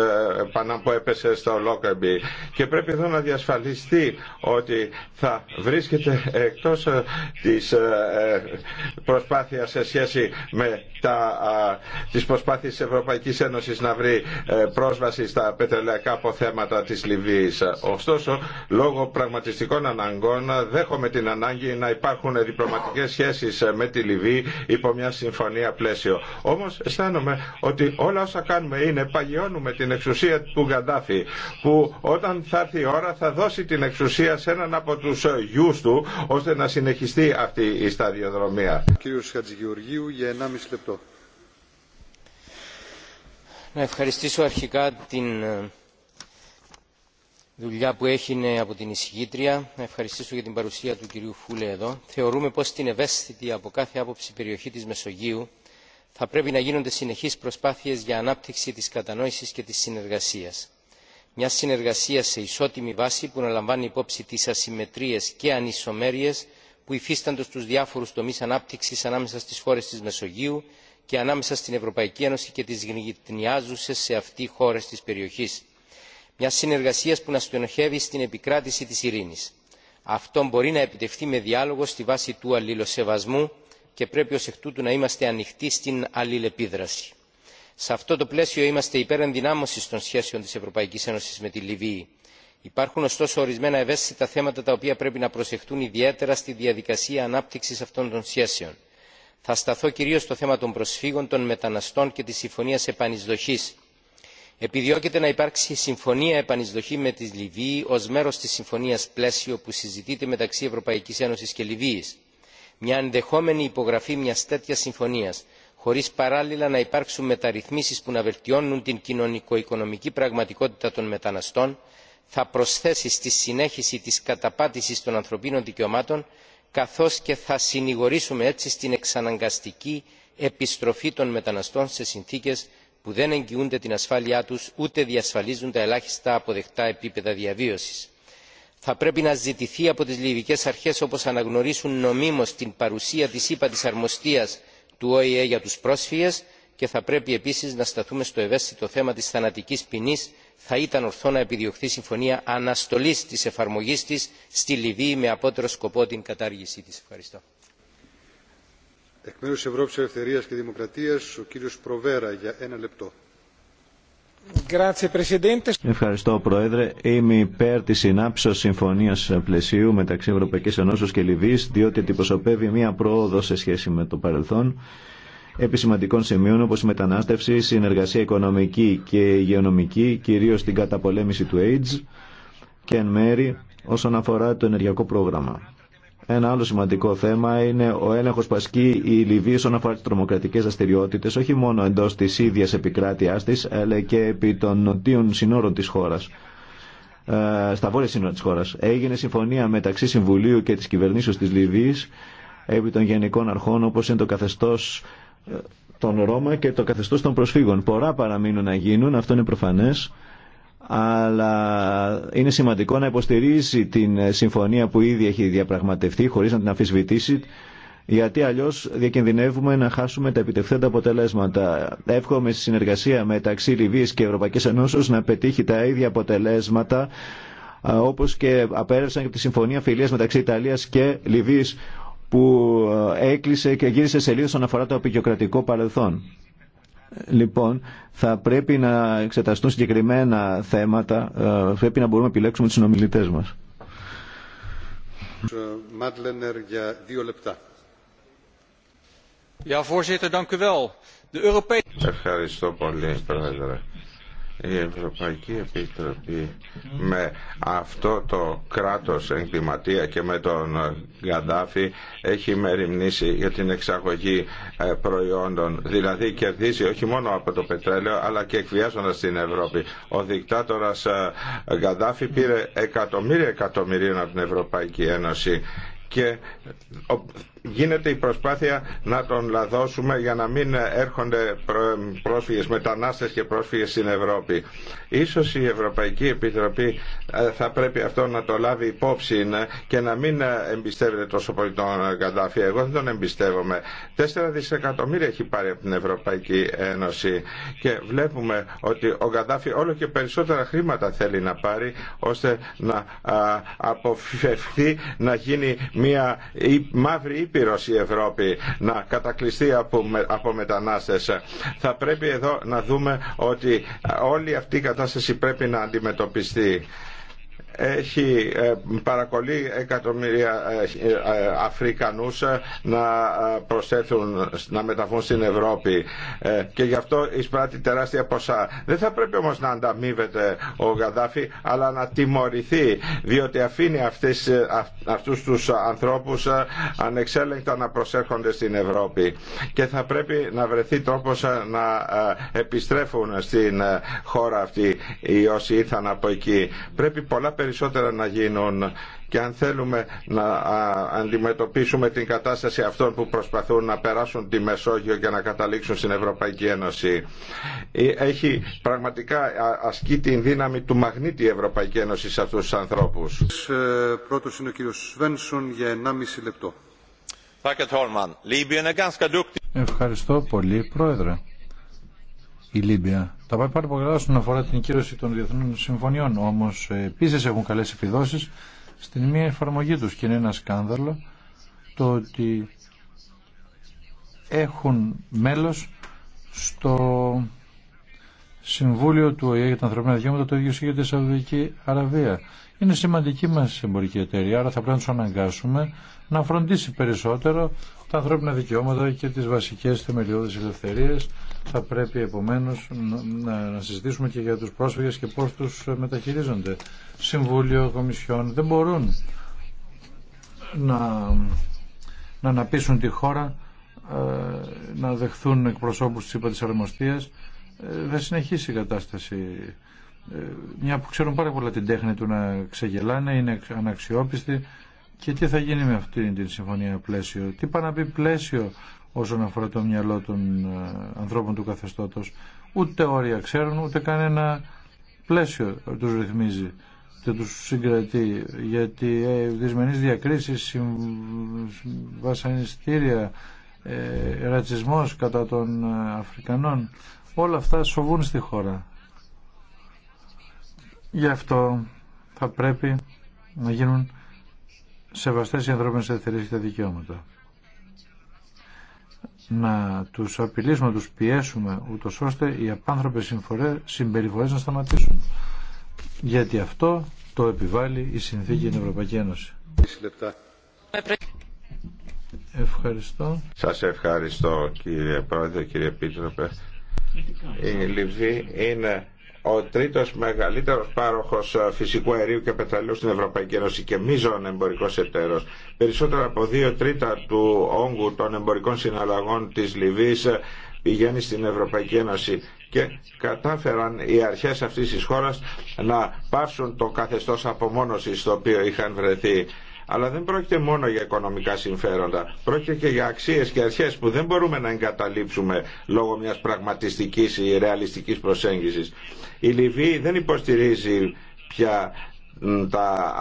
Παναμ που έπεσε στο Λόκεμπι. Και πρέπει εδώ να διασφαλιστεί ότι θα βρίσκεται εκτός της προσπάθειας σε σχέση με τα, τις προσπάθειες της Ευρωπαϊκής Ένωσης να βρει ε, πρόσβαση στα πετρελαϊκά αποθέματα της Λιβύης. Ωστόσο, λόγω πραγματιστικών αναγκών δέχομαι την ανάγκη να υπάρχουν διπλωματικές σχέσεις ε, με τη Λιβύη υπό μια συμφωνία πλαίσιο. Όμως αισθάνομαι ότι όλα όσα κάνουμε είναι παγιώνουμε την εξουσία του Γκαντάφη που όταν θα έρθει η ώρα θα δώσει την εξουσία σε έναν από τους ε, γιους του ώστε να συνεχιστεί αυτή η σταδιοδρομία. Κύριος Χατζηγεωργίου να ευχαριστήσω αρχικά την ε, δουλειά που έγινε από την εισηγήτρια. Να ευχαριστήσω για την παρουσία του κυρίου Φούλε εδώ. Θεωρούμε πως στην ευαίσθητη από κάθε άποψη περιοχή της Μεσογείου θα πρέπει να γίνονται συνεχείς προσπάθειες για ανάπτυξη της κατανόησης και της συνεργασίας. Μια συνεργασία σε ισότιμη βάση που να λαμβάνει υπόψη τις ασυμμετρίες και ανισομέρειες που υφίστανται στου διάφορου τομεί ανάπτυξη ανάμεσα στι χώρε τη μεσογείου και ανάμεσα στην ευρωπαϊκή ένωση και τι γειτονιάζουσες σε αυτή χώρε τη περιοχή, Μια συνεργασία που να στενοχεύει στην επικράτηση τη Ειρηνή. αυτό μπορεί να επιτευχθεί με διάλογο στη βάση του αλληλοσεβασμού και πρέπει ω εκ τούτου να είμαστε ανοιχτοί στην αλληλεπίδραση. σε αυτό το πλαίσιο είμαστε υπέρ ενδυνάμωσης των σχέσεων τη Ευρωπαϊκή Ένωση με τη λιβύη υπάρχουν ωστόσο ορισμένα ευαίσθητα θέματα τα οποία πρέπει να προσεχτούν ιδιαίτερα στη διαδικασία ανάπτυξη αυτών των σχέσεων. θα σταθώ κυρίω στο θέμα των προσφύγων των μεταναστών και τη συμφωνία επανεισδοχή. επιδιώκεται να υπάρξει συμφωνία επανεισδοχή με τη λιβύη ω μέρο τη συμφωνία πλαίσιο που συζητείται μεταξύ ευρωπαϊκή ένωση και λιβύη. μια ενδεχόμενη υπογραφή μια τέτοια συμφωνία χωρί παράλληλα να υπάρξουν μεταρρυθμίσει που να βελτιώνουν την κοινωνικο οικονομική πραγματικότητα των μεταναστών θα προσθέσει στη συνέχιση της καταπάτησης των ανθρωπίνων δικαιωμάτων καθώς και θα συνηγορήσουμε έτσι στην εξαναγκαστική επιστροφή των μεταναστών σε συνθήκες που δεν εγγυούνται την ασφάλειά τους ούτε διασφαλίζουν τα ελάχιστα αποδεκτά επίπεδα διαβίωσης. θα πρέπει να ζητηθεί από τις λιβικές αρχές όπως αναγνωρίσουν νομίμως την παρουσία της ΥΠΑ της αρμοστίας του οηε για τους πρόσφυγες και θα πρέπει επίση να σταθούμε στο ευαίσθητο θέμα τη θανατική ποινή θα ήταν ορθό να επιδιωχθεί συμφωνία αναστολή τη εφαρμογή τη στη λιβύη με απότερο σκοπό την κατάργησή τη. ευχαριστώ. Ευχαριστώ Πρόεδρε. Είμαι υπέρ τη συνάψεω συμφωνία πλαισίου μεταξύ Ευρωπαϊκή Ενώσεω και Λιβύη, διότι αντιπροσωπεύει μία πρόοδο σε σχέση με το παρελθόν επί σημείων όπως η μετανάστευση, η συνεργασία οικονομική και υγειονομική, κυρίως στην καταπολέμηση του AIDS και εν μέρη όσον αφορά το ενεργειακό πρόγραμμα. Ένα άλλο σημαντικό θέμα είναι ο έλεγχο που ασκεί η Λιβύη όσον αφορά τι τρομοκρατικέ δραστηριότητε, όχι μόνο εντό τη ίδια επικράτειά τη, αλλά και επί των νοτίων συνόρων τη χώρα ε, στα βόρεια σύνορα τη χωρα Έγινε συμφωνία μεταξύ Συμβουλίου και τη κυβερνησεω τη Λιβύη επί των γενικών αρχών οπω είναι το τον Ρώμα και το καθεστώς των προσφύγων. Πορά παραμείνουν να γίνουν, αυτό είναι προφανές, αλλά είναι σημαντικό να υποστηρίζει την συμφωνία που ήδη έχει διαπραγματευτεί χωρίς να την αφισβητήσει γιατί αλλιώς διακινδυνεύουμε να χάσουμε τα επιτευθέντα αποτελέσματα. Εύχομαι στη συνεργασία μεταξύ Λιβύης και Ευρωπαϊκής Ενώσεως να πετύχει τα ίδια αποτελέσματα όπως και απέρευσαν και τη συμφωνία φιλίας μεταξύ Ιταλίας και Λιβύης που ε, έκλεισε και γύρισε σελίδα όσον αφορά το απεικιοκρατικό παρελθόν. Λοιπόν, θα πρέπει να εξεταστούν συγκεκριμένα θέματα, ε, πρέπει να μπορούμε να επιλέξουμε τους συνομιλητές μας. Ε, για δύο λεπτά. Ευχαριστώ πολύ, Πρόεδρε η Ευρωπαϊκή Επιτροπή με αυτό το κράτος εγκληματία και με τον Γκαντάφη έχει μεριμνήσει για την εξαγωγή ε, προϊόντων. Δηλαδή κερδίζει όχι μόνο από το πετρέλαιο αλλά και εκβιάζοντας την Ευρώπη. Ο δικτάτορας ε, Γκαντάφη πήρε εκατομμύρια εκατομμυρίων από την Ευρωπαϊκή Ένωση και γίνεται η προσπάθεια να τον λαδώσουμε για να μην έρχονται πρόσφυγες, μετανάστες και πρόσφυγες στην Ευρώπη. Ίσως η Ευρωπαϊκή Επιτροπή ε, θα πρέπει αυτό να το λάβει υπόψη ε, και να μην ε, εμπιστεύεται τόσο πολύ τον Καντάφη. Εγώ δεν τον εμπιστεύομαι. Τέσσερα δισεκατομμύρια έχει πάρει από την Ευρωπαϊκή Ένωση και βλέπουμε ότι ο Καντάφη όλο και περισσότερα χρήματα θέλει να πάρει ώστε να αποφευθεί να γίνει μια μαύρη ήπειρος η Ευρώπη να κατακλειστεί από, από μετανάστες. Θα πρέπει εδώ να δούμε ότι όλη αυτή η κατάσταση πρέπει να αντιμετωπιστεί έχει ε, παρακολεί εκατομμύρια ε, ε, Αφρικανούς να προσθέθουν, να μεταφούν στην Ευρώπη και γι' αυτό εισπράττει τεράστια ποσά. Δεν θα πρέπει όμως να ανταμείβεται ο Γαδάφη αλλά να τιμωρηθεί διότι αφήνει αυτές, αυτούς τους ανθρώπους ανεξέλεγκτα να προσέρχονται στην Ευρώπη και θα πρέπει να βρεθεί τρόπος να επιστρέφουν στην χώρα αυτή οι όσοι ήρθαν από εκεί. Πρέπει πολλά περισσότερα να γίνουν και αν θέλουμε να αντιμετωπίσουμε την κατάσταση αυτών που προσπαθούν να περάσουν τη Μεσόγειο και να καταλήξουν στην Ευρωπαϊκή Ένωση. Ε, έχει πραγματικά ασκεί την δύναμη του μαγνήτη η Ευρωπαϊκή Ένωση σε αυτούς τους ανθρώπους. Ε, πρώτος είναι ο κύριος Σβένσον για 1,5 λεπτό. Ευχαριστώ πολύ, Πρόεδρε. Η Λίμπια τα πάει πάρα πολύ αφορά την κύρωση των διεθνών συμφωνιών. Όμω ε, επίση έχουν καλέ επιδόσει στην μία εφαρμογή του και είναι ένα σκάνδαλο το ότι έχουν μέλο στο Συμβούλιο του ΟΗΕ για τα Ανθρωπίνα Δικαιώματα το ίδιο για τη Σαουδική Αραβία. Είναι σημαντική μα εμπορική εταιρεία, άρα θα πρέπει να του αναγκάσουμε να φροντίσει περισσότερο τα ανθρώπινα δικαιώματα και τι βασικέ θεμελιώδει ελευθερίε θα πρέπει επομένως να συζητήσουμε και για τους πρόσφυγες και πώς τους ε, μεταχειρίζονται. Συμβούλιο, Κομισιόν δεν μπορούν να, να αναπείσουν τη χώρα, ε, να δεχθούν εκπροσώπους της ΥΠΑ της ε, Θα συνεχίσει η κατάσταση. Μια που ξέρουν πάρα πολλά την τέχνη του να ξεγελάνε, είναι αναξιόπιστη. Και τι θα γίνει με αυτή την συμφωνία πλαίσιο. Τι πάει να πει πλαίσιο όσον αφορά το μυαλό των ε, ανθρώπων του καθεστώτος. Ούτε όρια ξέρουν, ούτε κανένα πλαίσιο τους ρυθμίζει και τους συγκρατεί γιατί ε, δυσμενείς διακρίσεις, βασανιστήρια, ε, ρατσισμός κατά των ε, Αφρικανών όλα αυτά σοβούν στη χώρα. Γι' αυτό θα πρέπει να γίνουν σεβαστές οι ανθρώπινες ελευθερίες και τα δικαιώματα να τους απειλήσουμε, να τους πιέσουμε ούτως ώστε οι απάνθρωπες συμπεριφορές να σταματήσουν. Γιατί αυτό το επιβάλλει η συνθήκη στην Ευρωπαϊκή Ένωση. Ευχαριστώ. Σας ευχαριστώ κύριε Πρόεδρε, κύριε Πίτροπε. Η Λιβύη είναι ο τρίτος μεγαλύτερος πάροχος ε, φυσικού αερίου και πετρελαίου στην Ευρωπαϊκή Ένωση και μίζων εμπορικό εταίρος. Περισσότερο από δύο τρίτα του όγκου των εμπορικών συναλλαγών της Λιβύης ε, πηγαίνει στην Ευρωπαϊκή Ένωση και κατάφεραν οι αρχές αυτής της χώρας να πάυσουν το καθεστώς απομόνωσης στο οποίο είχαν βρεθεί. Αλλά δεν πρόκειται μόνο για οικονομικά συμφέροντα. Πρόκειται και για αξίε και αρχέ που δεν μπορούμε να εγκαταλείψουμε λόγω μια πραγματιστική ή ρεαλιστική προσέγγιση. Η Λιβύη δεν υποστηρίζει πια τα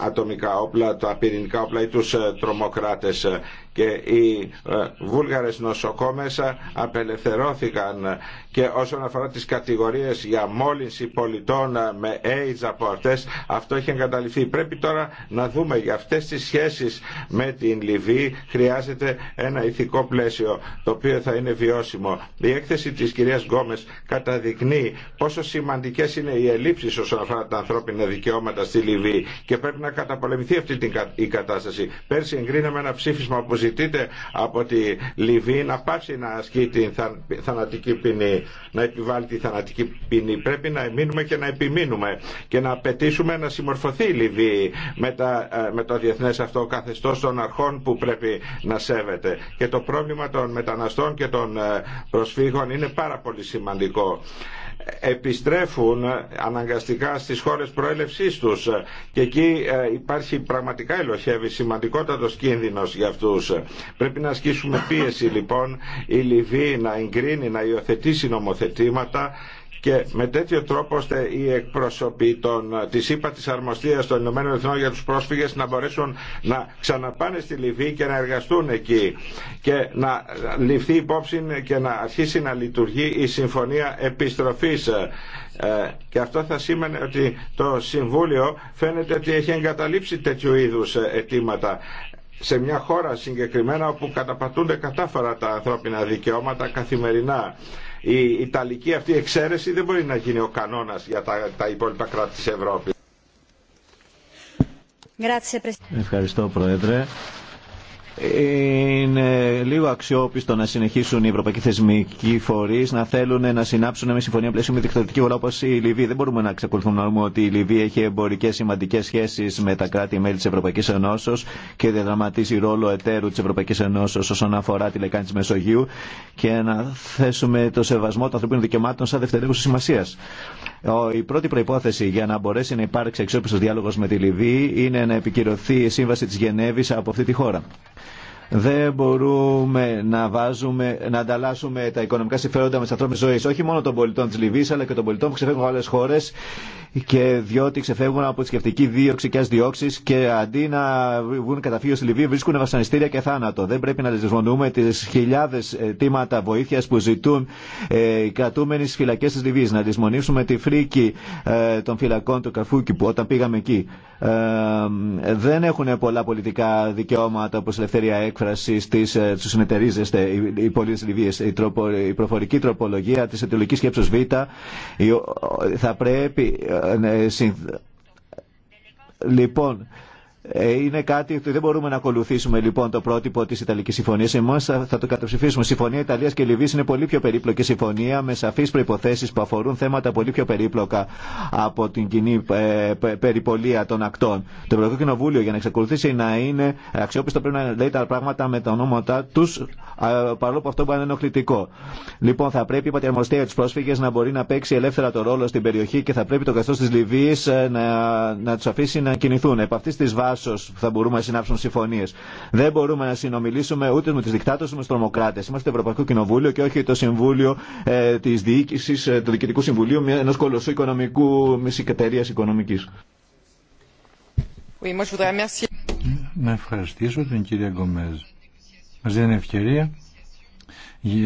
ατομικά όπλα, τα πυρηνικά όπλα ή τους ε, τρομοκράτες και οι ε, βούλγαρες νοσοκόμες απελευθερώθηκαν και όσον αφορά τις κατηγορίες για μόλυνση πολιτών ε, με AIDS από αυτές, αυτό έχει εγκαταληφθεί. Πρέπει τώρα να δούμε για αυτές τις σχέσεις με την Λιβύη χρειάζεται ένα ηθικό πλαίσιο το οποίο θα είναι βιώσιμο. Η έκθεση της κυρίας Γκόμες καταδεικνύει πόσο σημαντικές είναι οι ελλείψεις όσον αφορά τα ανθρώπινα δικαιώματα και πρέπει να καταπολεμηθεί αυτή την, η κατάσταση. Πέρσι εγκρίναμε ένα ψήφισμα που ζητείται από τη Λιβύη να πάψει να ασκεί την θανατική ποινή, να επιβάλλει τη θανατική ποινή. Πρέπει να εμείνουμε και να επιμείνουμε και να απαιτήσουμε να συμμορφωθεί η Λιβύη με, ε, με το διεθνές αυτό καθεστώς των αρχών που πρέπει να σέβεται. Και το πρόβλημα των μεταναστών και των ε, προσφύγων είναι πάρα πολύ σημαντικό επιστρέφουν αναγκαστικά στις χώρες προέλευσής τους και εκεί ε, υπάρχει πραγματικά ελοχεύει σημαντικότατος κίνδυνος για αυτούς. Πρέπει να ασκήσουμε πίεση λοιπόν η Λιβύη να εγκρίνει, να υιοθετήσει νομοθετήματα και με τέτοιο τρόπο ώστε οι εκπρόσωποι των, της ΥΠΑ της Αρμοστίας των Ηνωμένων Εθνών για τους πρόσφυγες να μπορέσουν να ξαναπάνε στη Λιβύη και να εργαστούν εκεί και να ληφθεί υπόψη και να αρχίσει να λειτουργεί η Συμφωνία Επιστροφής ε, και αυτό θα σήμαινε ότι το Συμβούλιο φαίνεται ότι έχει εγκαταλείψει τέτοιου είδους ε, αιτήματα σε μια χώρα συγκεκριμένα όπου καταπατούνται κατάφορα τα ανθρώπινα δικαιώματα καθημερινά. Η Ιταλική αυτή εξαίρεση δεν μπορεί να γίνει ο κανόνας για τα, τα υπόλοιπα κράτη της Ευρώπης. Ευχαριστώ Πρόεδρε. Είναι λίγο αξιόπιστο να συνεχίσουν οι ευρωπαϊκοί θεσμικοί φορεί να θέλουν να συνάψουν με συμφωνία πλαίσιο με δικτατορική χώρα όπω η Λιβύη. Δεν μπορούμε να ξεκολουθούμε να λέμε ότι η Λιβύη έχει εμπορικέ σημαντικέ σχέσει με τα κράτη-μέλη τη Ευρωπαϊκή Ενώσεω και διαδραματίζει ρόλο εταίρου τη Ευρωπαϊκή Ενώσεω όσον αφορά τη λεκάνη τη Μεσογείου και να θέσουμε το σεβασμό των ανθρωπίνων δικαιωμάτων σαν δευτερεύουσα σημασία. Η πρώτη προπόθεση για να μπορέσει να υπάρξει αξιόπιστο διάλογο με τη Λιβύη είναι να επικυρωθεί η Σύμβαση τη Γενέβη από αυτή τη χώρα. Δεν μπορούμε να, βάζουμε, να ανταλλάσσουμε τα οικονομικά συμφέροντα με τι ανθρώπινε ζωέ, όχι μόνο των πολιτών τη Λιβύη, αλλά και των πολιτών που ξεφεύγουν από άλλε χώρε και διότι ξεφεύγουν από τη σκεφτική δίωξη και διώξει και αντί να βγουν καταφύγιο στη Λιβύη βρίσκουν βασανιστήρια και θάνατο. Δεν πρέπει να λησμονούμε τι χιλιάδε τίματα βοήθεια που ζητούν ε, οι κρατούμενοι στι φυλακέ τη Λιβύη. Να λησμονήσουμε τη φρίκη ε, των φυλακών του Καφούκη που όταν πήγαμε εκεί ε, δεν έχουν πολλά πολιτικά δικαιώματα όπω ελευθερία έκφραση, ε, του συνεταιρίζεστε οι, οι πολίτε τη Λιβύη. Η, η προφορική τροπολογία τη αιτιολογική σκέψη Β θα πρέπει ε, ε, ναι, λοιπόν, ε, είναι κάτι που δεν μπορούμε να ακολουθήσουμε λοιπόν το πρότυπο τη Ιταλική Συμφωνία. Εμεί θα το καταψηφίσουμε. Συμφωνία Ιταλία και Λιβύη είναι πολύ πιο περίπλοκη συμφωνία με σαφεί προποθέσει που αφορούν θέματα πολύ πιο περίπλοκα από την κοινή ε, περιπολία των ακτών. Το Ευρωπαϊκό Κοινοβούλιο για να εξακολουθήσει να είναι αξιόπιστο πρέπει να λέει τα πράγματα με τα ονόματα του, παρόλο που αυτό μπορεί να είναι ενοχλητικό. Λοιπόν, θα πρέπει η πατριαρμοστία τη πρόσφυγε να μπορεί να παίξει ελεύθερα το ρόλο στην περιοχή και θα πρέπει το τη Λιβύη ε, να, να του αφήσει να κινηθούν. Επ' αυτή τη βάση δάσο που θα μπορούμε να συνάψουμε συμφωνίε. Δεν μπορούμε να συνομιλήσουμε ούτε με του δικτάτορε ούτε με του τρομοκράτε. Είμαστε το Ευρωπαϊκό Κοινοβούλιο και όχι το Συμβούλιο ε, τη Διοίκηση, ε, του Διοικητικού Συμβουλίου ενό κολοσσού οικονομικού, μια εταιρεία οικονομική. Να ευχαριστήσω την κυρία Γκομέζ. Μας δίνει ευκαιρία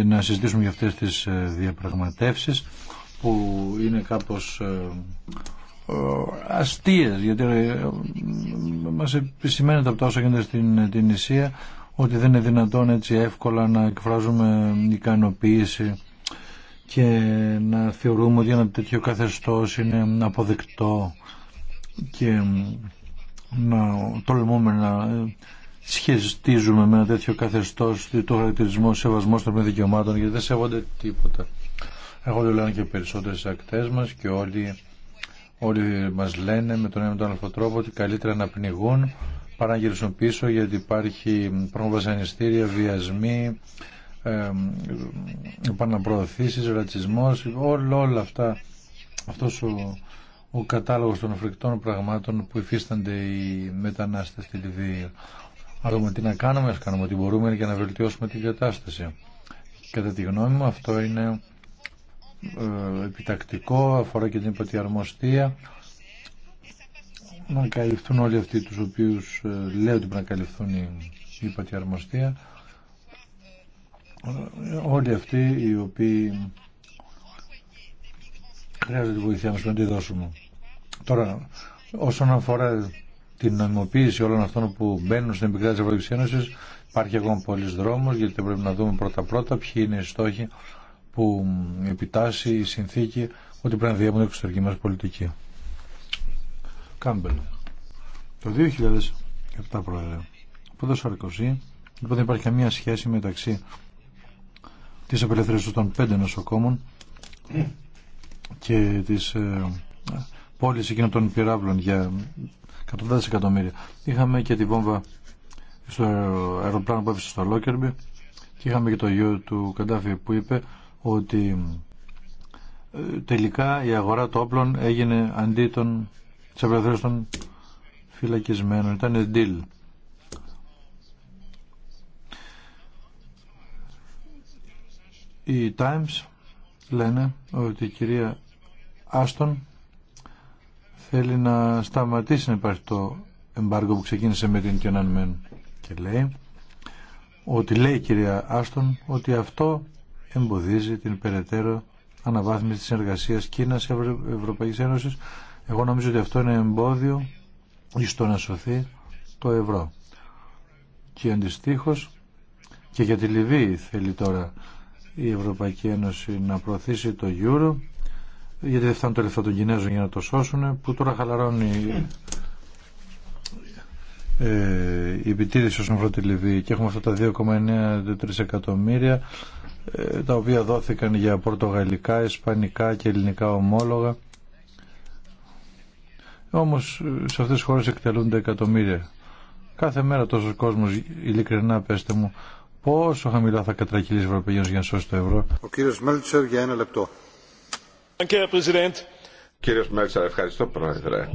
να συζητήσουμε για αυτές τις ε, διαπραγματεύσεις που είναι κάπως ε, ε, αστείες γιατί ε, ε, μας επισημαίνεται από τα όσα γίνεται στην την Ισία ότι δεν είναι δυνατόν έτσι εύκολα να εκφράζουμε ικανοποίηση και να θεωρούμε ότι ένα τέτοιο καθεστώς είναι αποδεκτό και να τολμούμε να σχεστίζουμε με ένα τέτοιο καθεστώς το χαρακτηρισμό σεβασμό των δικαιωμάτων γιατί δεν σέβονται τίποτα. Εγώ λέω και περισσότερες ακτές μας και όλοι Όλοι μας λένε με τον ένα τον άλλο τρόπο ότι καλύτερα να πνιγούν παρά να γυρίσουν πίσω γιατί υπάρχει προβασανιστήρια, βιασμοί, επαναπροωθήσει, ρατσισμό, ρατσισμός, όλα, όλα αυτά. Αυτός ο, ο κατάλογος των φρικτών πραγμάτων που υφίστανται οι μετανάστες στη Λιβύη. Αλλά δούμε τι να κάνουμε, ας κάνουμε ό,τι μπορούμε για να βελτιώσουμε την κατάσταση. Κατά τη γνώμη μου αυτό είναι ε, επιτακτικό, αφορά και την υποτιαρμοστία να καλυφθούν όλοι αυτοί τους οποίους ε, λέω ότι πρέπει να καλυφθούν η υπατιαρμοστία ε, όλοι αυτοί οι οποίοι χρειάζονται τη βοήθειά μας να τη δώσουμε τώρα όσον αφορά την νομιμοποίηση όλων αυτών που μπαίνουν στην επικράτηση της Ευρωπαϊκής Ένωσης υπάρχει ακόμα πολλής δρόμος γιατί πρέπει να δούμε πρώτα πρώτα ποιοι είναι οι στόχοι που επιτάσσει η συνθήκη ότι πρέπει να διέπουν την εξωτερική μας πολιτική. Κάμπελ. Το 2007 πρόεδρε. Που δεν σαρκωσεί. Λοιπόν δεν υπάρχει καμία σχέση μεταξύ της απελευθερίας των πέντε νοσοκόμων και της ε, πόλης εκείνων των πυράβλων για εκατοντάδες εκατομμύρια. Είχαμε και τη βόμβα στο αεροπλάνο που έφυγε στο Λόκερμπι και είχαμε και το γιο του Καντάφη που είπε ότι ε, τελικά η αγορά των όπλων έγινε αντί των της των φυλακισμένων. Ήταν deal. Οι Times λένε ότι η κυρία Άστον θέλει να σταματήσει να υπάρχει το εμπάργο που ξεκίνησε με την Κινάν Μέν και λέει ότι λέει η κυρία Άστον ότι αυτό εμποδίζει την περαιτέρω αναβάθμιση της συνεργασίας Κίνας Ευρωπαϊκής Ένωσης. Εγώ νομίζω ότι αυτό είναι εμπόδιο στο να σωθεί το ευρώ. Και αντιστοίχω και για τη Λιβύη θέλει τώρα η Ευρωπαϊκή Ένωση να προωθήσει το Euro γιατί δεν φτάνουν τα λεφτά των Κινέζων για να το σώσουν που τώρα χαλαρώνει ε, η επιτήρηση όσον αφορά τη Λιβύη και έχουμε αυτά τα 2,9 εκατομμύρια. Ε, τα οποία δόθηκαν για πορτογαλικά, ισπανικά και ελληνικά ομόλογα. Όμως σε αυτές τις χώρες εκτελούνται εκατομμύρια. Κάθε μέρα τόσο κόσμος, ειλικρινά πέστε μου, πόσο χαμηλά θα κατρακυλήσει η Ευρωπαϊκή για να σώσει το ευρώ. Ο κύριος Μέλτσερ για ένα λεπτό. Κύριος Μέλτσερ, ευχαριστώ πρόεδρε.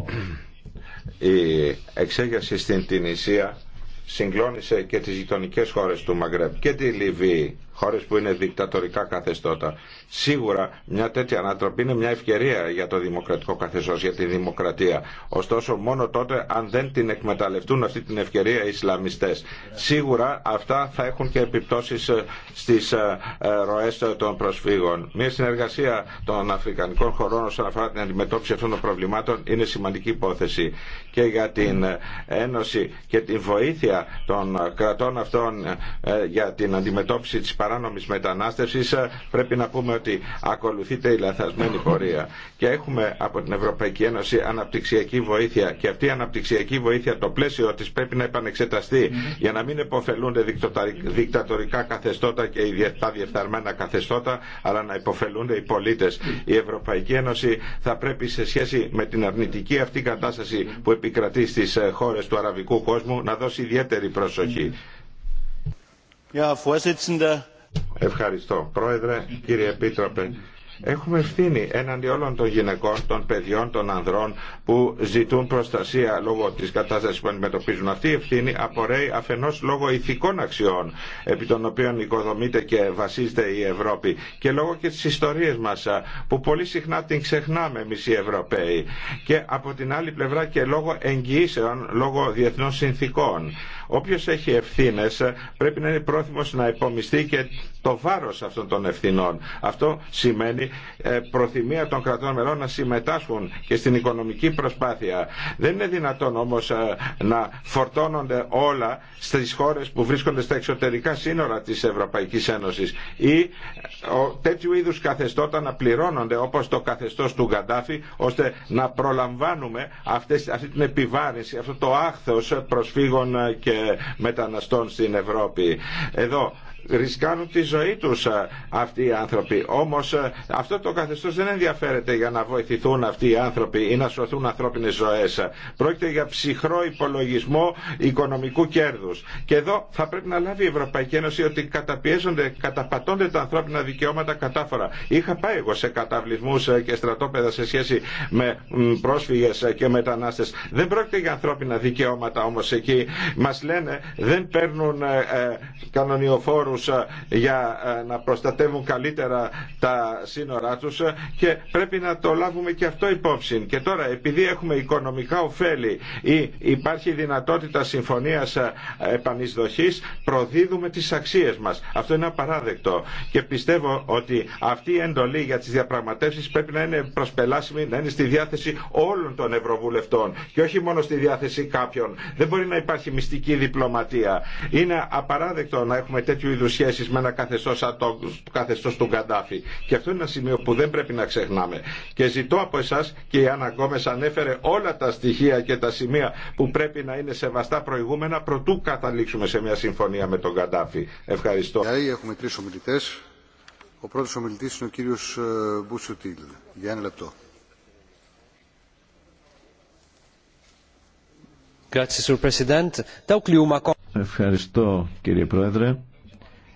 Η εξέγερση στην Τινησία συγκλώνησε και τις γειτονικέ χώρες του Μαγκρέπ και τη Λιβύη χώρες που είναι δικτατορικά καθεστώτα. Σίγουρα μια τέτοια ανατροπή είναι μια ευκαιρία για το δημοκρατικό καθεστώς, για τη δημοκρατία. Ωστόσο μόνο τότε αν δεν την εκμεταλλευτούν αυτή την ευκαιρία οι Ισλαμιστές. Σίγουρα αυτά θα έχουν και επιπτώσεις ε, στις ε, ε, ροές των προσφύγων. Μια συνεργασία των Αφρικανικών χωρών όσον αφορά την αντιμετώπιση αυτών των προβλημάτων είναι σημαντική υπόθεση και για την Ένωση και την βοήθεια των κρατών αυτών για την αντιμετώπιση της παραγωγής παράνομης μετανάστευσης ε, πρέπει να πούμε ότι ακολουθείται η λαθασμένη πορεία. Και έχουμε από την Ευρωπαϊκή Ένωση αναπτυξιακή βοήθεια και αυτή η αναπτυξιακή βοήθεια το πλαίσιο της πρέπει να επανεξεταστεί για να μην υποφελούνται δικτατορικά καθεστώτα και τα διεφθαρμένα καθεστώτα αλλά να υποφελούνται οι πολίτες. Η Ευρωπαϊκή Ένωση θα πρέπει σε σχέση με την αρνητική αυτή κατάσταση που επικρατεί στις ε, χώρες του αραβικού κόσμου να δώσει ιδιαίτερη προσοχή. Vorsitzender. Ευχαριστώ. Πρόεδρε, κύριε Επίτροπε, Έχουμε ευθύνη έναντι όλων των γυναικών, των παιδιών, των ανδρών που ζητούν προστασία λόγω τη κατάσταση που αντιμετωπίζουν. Αυτή η ευθύνη απορρέει αφενό λόγω ηθικών αξιών, επί των οποίων οικοδομείται και βασίζεται η Ευρώπη, και λόγω και τη ιστορία μα, που πολύ συχνά την ξεχνάμε εμεί οι Ευρωπαίοι. Και από την άλλη πλευρά και λόγω εγγυήσεων, λόγω διεθνών συνθήκων. Όποιος έχει ευθύνες πρέπει να είναι πρόθυμος να υπομειστεί και το βάρος αυτών των ευθυνών. Αυτό σημαίνει ε, προθυμία των κρατών μελών να συμμετάσχουν και στην οικονομική προσπάθεια. Δεν είναι δυνατόν όμως ε, να φορτώνονται όλα στις χώρες που βρίσκονται στα εξωτερικά σύνορα της Ευρωπαϊκής Ένωσης ή τέτοιου είδους καθεστώτα να πληρώνονται όπως το καθεστώς του Γκαντάφη ώστε να προλαμβάνουμε αυτή την επιβάρυνση, αυτό το άχθος προσφύγων ε, και μεταναστών στην Ευρώπη. Εδώ ρισκάνουν τη ζωή τους αυτοί οι άνθρωποι. Όμως αυτό το καθεστώς δεν ενδιαφέρεται για να βοηθηθούν αυτοί οι άνθρωποι ή να σωθούν ανθρώπινες ζωές. Πρόκειται για ψυχρό υπολογισμό οικονομικού κέρδους. Και εδώ θα πρέπει να λάβει η Ευρωπαϊκή Ένωση ότι καταπιέζονται, καταπατώνται τα ανθρώπινα δικαιώματα κατάφορα. Είχα πάει εγώ σε καταβλισμούς και στρατόπεδα σε σχέση με πρόσφυγες και μετανάστες. Δεν πρόκειται για ανθρώπινα δικαιώματα όμως εκεί. Μας λένε δεν παίρνουν ε, ε, κανονιοφόρους ε, για ε, να προστατεύουν καλύτερα τα σύνορά τους ε, και πρέπει να το λάβουμε και αυτό υπόψη. Και τώρα επειδή έχουμε οικονομικά ωφέλη ή υπάρχει δυνατότητα συμφωνίας επανεισδοχής προδίδουμε τις αξίες μας. Αυτό είναι απαράδεκτο και πιστεύω ότι αυτή η εντολή για τις διαπραγματεύσεις πρέπει να είναι προσπελάσιμη, να είναι στη διάθεση όλων των Ευρωβουλευτών και όχι μόνο στη διάθεση κάποιων. Δεν μπορεί να υπάρχει μυστική διπλωματία. Είναι απαράδεκτο να έχουμε τέτοιου είδου σχέσεις με ένα καθεστώς, καθεστώς του Καντάφη. Και αυτό είναι ένα σημείο που δεν πρέπει να ξεχνάμε. Και ζητώ από εσάς και η Άννα Γκόμε ανέφερε όλα τα στοιχεία και τα σημεία που πρέπει να είναι σεβαστά προηγούμενα προτού καταλήξουμε σε μια συμφωνία με τον Καντάφη. Ευχαριστώ. Έχουμε τρεις ομιλητές. Ο πρώτος είναι ο ε, Για ένα λεπτό. Ευχαριστώ κύριε Πρόεδρε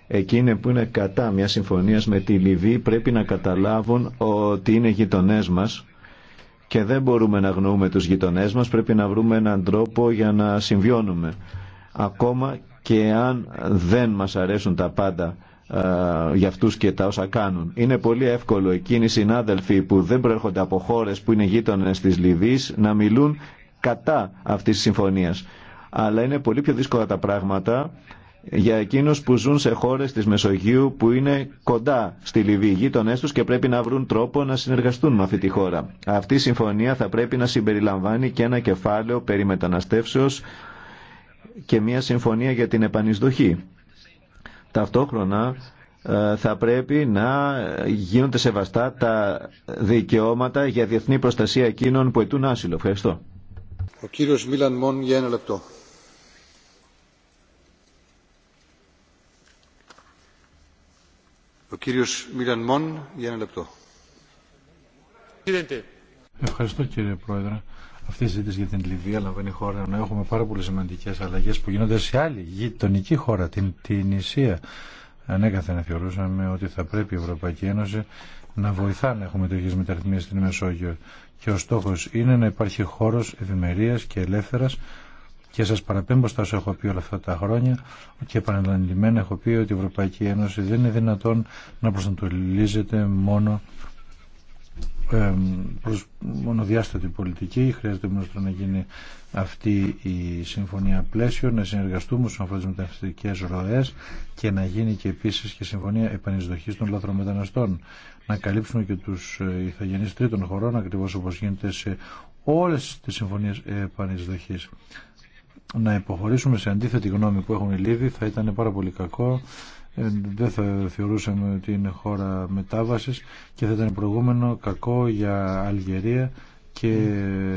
εκείνοι που είναι κατά μια συμφωνία με τη Λιβύη πρέπει να καταλάβουν ότι είναι γειτονέ μας και δεν μπορούμε να γνωρούμε τους γειτονέ μας, πρέπει να βρούμε έναν τρόπο για να συμβιώνουμε. Ακόμα και αν δεν μα αρέσουν τα πάντα για αυτούς και τα όσα κάνουν. Είναι πολύ εύκολο εκείνοι οι συνάδελφοι που δεν προέρχονται από χώρε που είναι γείτονε τη Λιβύη να μιλούν κατά αυτή της συμφωνία. Αλλά είναι πολύ πιο δύσκολα τα πράγματα για εκείνους που ζουν σε χώρες της Μεσογείου που είναι κοντά στη Λιβύη γείτονές τους και πρέπει να βρουν τρόπο να συνεργαστούν με αυτή τη χώρα. Αυτή η συμφωνία θα πρέπει να συμπεριλαμβάνει και ένα κεφάλαιο περί μεταναστεύσεως και μια συμφωνία για την επανεισδοχή. Ταυτόχρονα ε, θα πρέπει να γίνονται σεβαστά τα δικαιώματα για διεθνή προστασία εκείνων που ετούν άσυλο. Ευχαριστώ. Ο κύριος Μίλαν Μον για ένα λεπτό. για ένα λεπτό. Ευχαριστώ κύριε Πρόεδρε. Αυτή η συζήτηση για την Λιβύη λαμβάνει χώρα να έχουμε πάρα πολύ σημαντικέ αλλαγέ που γίνονται σε άλλη γειτονική χώρα, την Τινησία. Ε, Ανέκαθεν ναι, θεωρούσαμε ότι θα πρέπει η Ευρωπαϊκή Ένωση να βοηθά να έχουμε τέτοιε μεταρρυθμίσει στην Μεσόγειο. Και ο στόχο είναι να υπάρχει χώρο ευημερία και ελεύθερα και σα παραπέμπω στα όσα έχω πει όλα αυτά τα χρόνια και επαναλαμβανημένα έχω πει ότι η Ευρωπαϊκή Ένωση δεν είναι δυνατόν να προσανατολίζεται μόνο προς μονοδιάστατη πολιτική χρειάζεται μόνο να γίνει αυτή η συμφωνία πλαίσιο να συνεργαστούμε ανθρώπου με μεταναστευτικές ροέ και να γίνει και επίση και συμφωνία επανεισδοχή των λαθρομεταναστών να καλύψουμε και του ε, ηθογενεί τρίτων χωρών ακριβώ όπω γίνεται σε όλε τι συμφωνίε επανεισδοχή να υποχωρήσουμε σε αντίθετη γνώμη που έχουν οι Λίβοι θα ήταν πάρα πολύ κακό ε, δεν θα θεωρούσαμε ότι είναι χώρα μετάβασης και θα ήταν προηγούμενο κακό για Αλγερία και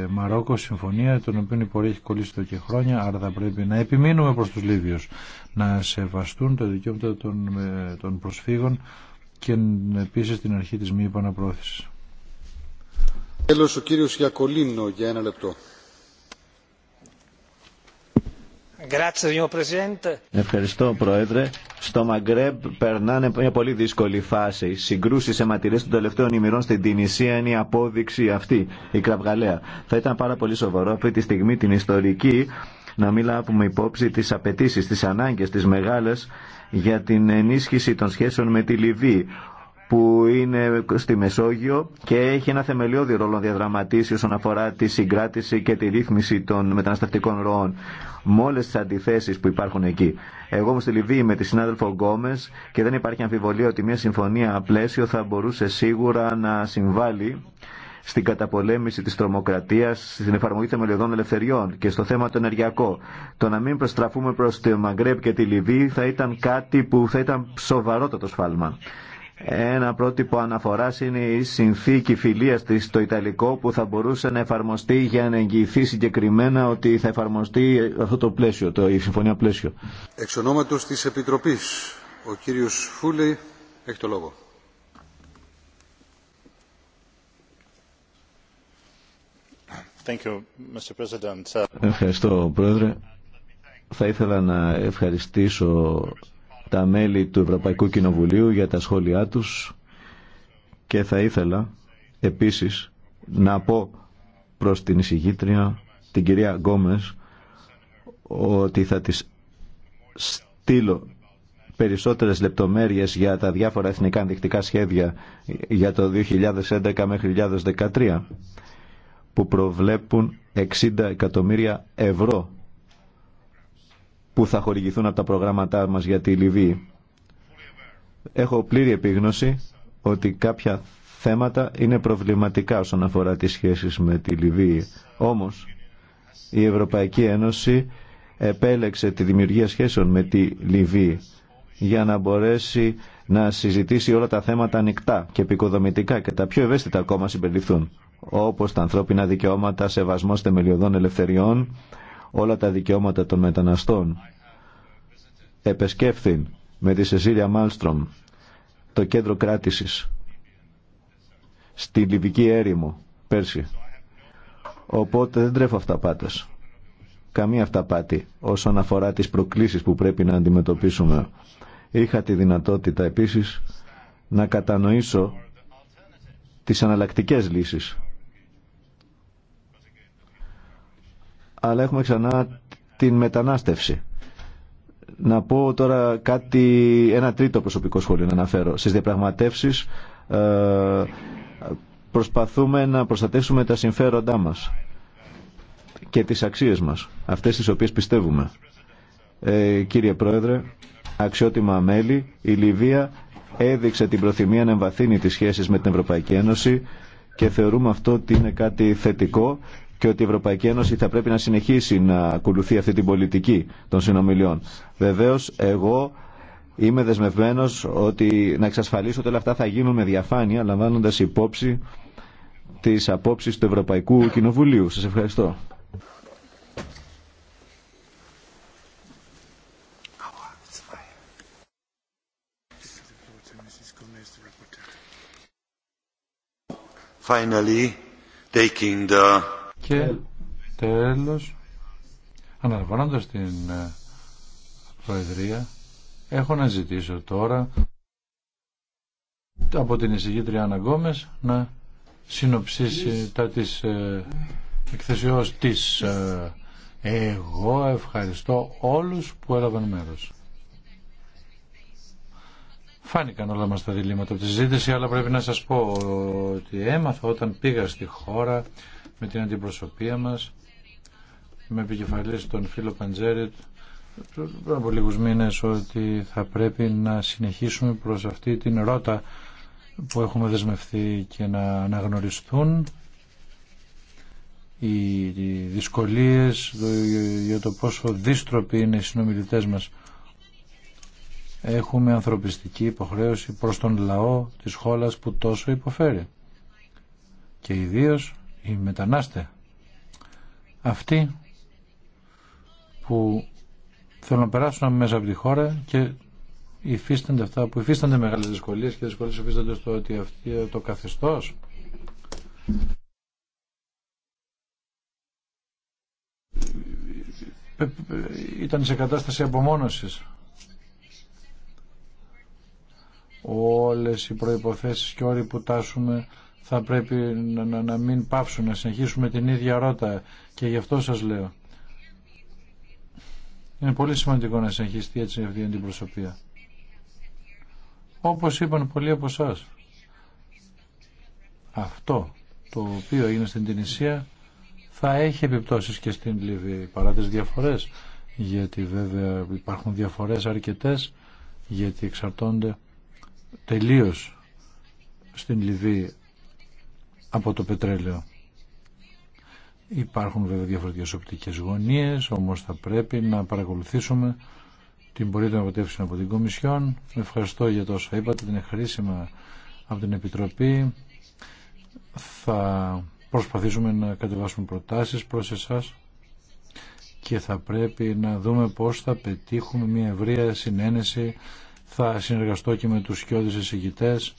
Μαρόκο συμφωνία τον οποίο η πορεία έχει κολλήσει εδώ και χρόνια άρα θα πρέπει να επιμείνουμε προς τους Λίβιους να σεβαστούν τα δικαιώματα των, ε, των προσφύγων και επίσης την αρχή της μη επαναπρόθεσης. Τέλος ο κύριος Γιακολίνο για ένα λεπτό. Ευχαριστώ Πρόεδρε. Στο Μαγκρέμπ περνάνε μια πολύ δύσκολη φάση. Συγκρούσει σε ματηρέ των τελευταίων ημερών στην Τινησία είναι η απόδειξη αυτή, η κραυγαλαία. Θα ήταν πάρα πολύ σοβαρό αυτή τη στιγμή την ιστορική να μην λάβουμε υπόψη τις απαιτήσει, τις ανάγκες, τις μεγάλες για την ενίσχυση των σχέσεων με τη Λιβύη που είναι στη Μεσόγειο και έχει ένα θεμελιώδη ρόλο να διαδραματίσει όσον αφορά τη συγκράτηση και τη ρύθμιση των μεταναστευτικών ροών με όλε τι αντιθέσει που υπάρχουν εκεί. Εγώ είμαι στη Λιβύη με τη συνάδελφο Γκόμε και δεν υπάρχει αμφιβολία ότι μια συμφωνία πλαίσιο θα μπορούσε σίγουρα να συμβάλλει στην καταπολέμηση της τρομοκρατίας, στην εφαρμογή θεμελιωδών ελευθεριών και στο θέμα το ενεργειακό. Το να μην προστραφούμε προς το Μαγκρέπ και τη Λιβύη θα ήταν κάτι που θα ήταν σοβαρότατο σφάλμα. Ένα πρότυπο αναφοράς είναι η συνθήκη φιλία τη στο Ιταλικό που θα μπορούσε να εφαρμοστεί για να εγγυηθεί συγκεκριμένα ότι θα εφαρμοστεί αυτό το πλαίσιο, το, η συμφωνία πλαίσιο. Εξ ονόματο της Επιτροπής, ο κύριος Φούλη έχει το λόγο. Thank you, Mr. Ευχαριστώ, Πρόεδρε. Θα ήθελα να ευχαριστήσω τα μέλη του Ευρωπαϊκού Κοινοβουλίου για τα σχόλιά τους και θα ήθελα επίσης να πω προς την εισηγήτρια την κυρία Γκόμες ότι θα της στείλω περισσότερες λεπτομέρειες για τα διάφορα εθνικά ενδεικτικά σχέδια για το 2011 μέχρι 2013 που προβλέπουν 60 εκατομμύρια ευρώ που θα χορηγηθούν από τα προγράμματά μας για τη Λιβύη. Έχω πλήρη επίγνωση ότι κάποια θέματα είναι προβληματικά όσον αφορά τις σχέσεις με τη Λιβύη. Όμως, η Ευρωπαϊκή Ένωση επέλεξε τη δημιουργία σχέσεων με τη Λιβύη για να μπορέσει να συζητήσει όλα τα θέματα ανοιχτά και επικοδομητικά και τα πιο ευαίσθητα ακόμα συμπεριληφθούν, όπως τα ανθρώπινα δικαιώματα, σεβασμός θεμελιωδών ελευθεριών, όλα τα δικαιώματα των μεταναστών. Επεσκέφθην με τη Σεσίλια Μάλστρομ το κέντρο κράτησης στη Λιβική έρημο πέρσι. Οπότε δεν τρέφω αυταπάτες. Καμία αυταπάτη όσον αφορά τις προκλήσεις που πρέπει να αντιμετωπίσουμε. Είχα τη δυνατότητα επίσης να κατανοήσω τις αναλλακτικές λύσεις αλλά έχουμε ξανά την μετανάστευση. Να πω τώρα κάτι, ένα τρίτο προσωπικό σχόλιο να αναφέρω. Στις διαπραγματεύσεις ε, προσπαθούμε να προστατεύσουμε τα συμφέροντά μας και τις αξίες μας, αυτές τις οποίες πιστεύουμε. Ε, κύριε Πρόεδρε, αξιότιμα μέλη, η Λιβύα έδειξε την προθυμία να εμβαθύνει τις σχέσεις με την Ευρωπαϊκή Ένωση και θεωρούμε αυτό ότι είναι κάτι θετικό και ότι η Ευρωπαϊκή Ένωση θα πρέπει να συνεχίσει να ακολουθεί αυτή την πολιτική των συνομιλιών. Βεβαίω, εγώ είμαι δεσμευμένος ότι να εξασφαλίσω ότι όλα αυτά θα γίνουν με διαφάνεια, λαμβάνοντα υπόψη τι απόψει του Ευρωπαϊκού Κοινοβουλίου. Σας ευχαριστώ. Finally, taking the και τέλος, αναλαμβάνοντας την ε, Προεδρία, έχω να ζητήσω τώρα από την εισηγήτρια Άννα να συνοψίσει τα της ε, εκθεσιώς της. Ε, εγώ ευχαριστώ όλους που έλαβαν μέρος. Φάνηκαν όλα μας τα διλήμματα από τη συζήτηση, αλλά πρέπει να σας πω ότι έμαθα όταν πήγα στη χώρα με την αντιπροσωπεία μας, με επικεφαλής τον φίλο Παντζέρετ, πριν από λίγους μήνες ότι θα πρέπει να συνεχίσουμε προς αυτή την ρότα που έχουμε δεσμευθεί και να αναγνωριστούν οι δυσκολίες για το πόσο δύστροποι είναι οι συνομιλητές μας. Έχουμε ανθρωπιστική υποχρέωση προς τον λαό της χόλας που τόσο υποφέρει. Και ιδίως οι μετανάστε αυτοί που θέλουν να περάσουν μέσα από τη χώρα και υφίστανται αυτά που υφίστανται μεγάλες δυσκολίες και δυσκολίες υφίστανται στο ότι αυτοί το καθεστώς ήταν σε κατάσταση απομόνωσης όλες οι προϋποθέσεις και όλοι που τάσουμε θα πρέπει να, μην πάψουν να συνεχίσουμε την ίδια ρότα και γι' αυτό σας λέω. Είναι πολύ σημαντικό να συνεχιστεί έτσι αυτή η αντιπροσωπεία. Όπως είπαν πολλοί από εσά. αυτό το οποίο είναι στην Τινησία θα έχει επιπτώσεις και στην Λιβύη παρά τις διαφορές γιατί βέβαια υπάρχουν διαφορές αρκετές γιατί εξαρτώνται τελείως στην Λιβύη από το πετρέλαιο. Υπάρχουν βέβαια διαφορετικές οπτικές γωνίες, όμως θα πρέπει να παρακολουθήσουμε την πορεία των αποτεύξεων από την Κομισιόν. Ευχαριστώ για το όσα είπατε, την χρήσιμα από την Επιτροπή. Θα προσπαθήσουμε να κατεβάσουμε προτάσεις προς εσάς και θα πρέπει να δούμε πώς θα πετύχουμε μια ευρεία συνένεση. Θα συνεργαστώ και με τους σκιώδεις εισηγητές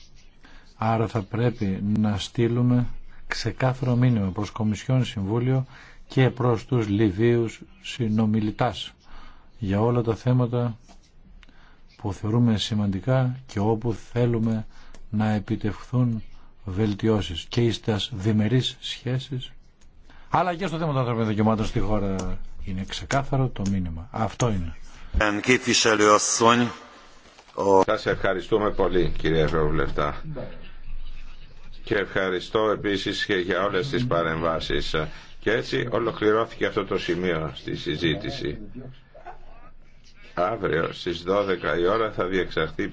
Άρα θα πρέπει να στείλουμε ξεκάθαρο μήνυμα προς Κομισιόν Συμβούλιο και προς τους Λιβύους συνομιλητάς για όλα τα θέματα που θεωρούμε σημαντικά και όπου θέλουμε να επιτευχθούν βελτιώσεις και στις διμερείς σχέσεις αλλά και στο θέμα των ανθρωπίνων δικαιωμάτων στη χώρα είναι ξεκάθαρο το μήνυμα. Αυτό είναι. Σας ευχαριστούμε πολύ κύριε Ευρωβουλευτά και ευχαριστώ επίσης και για όλες τις παρεμβάσεις. Και έτσι ολοκληρώθηκε αυτό το σημείο στη συζήτηση. Αύριο στις 12 η ώρα θα διεξαχθεί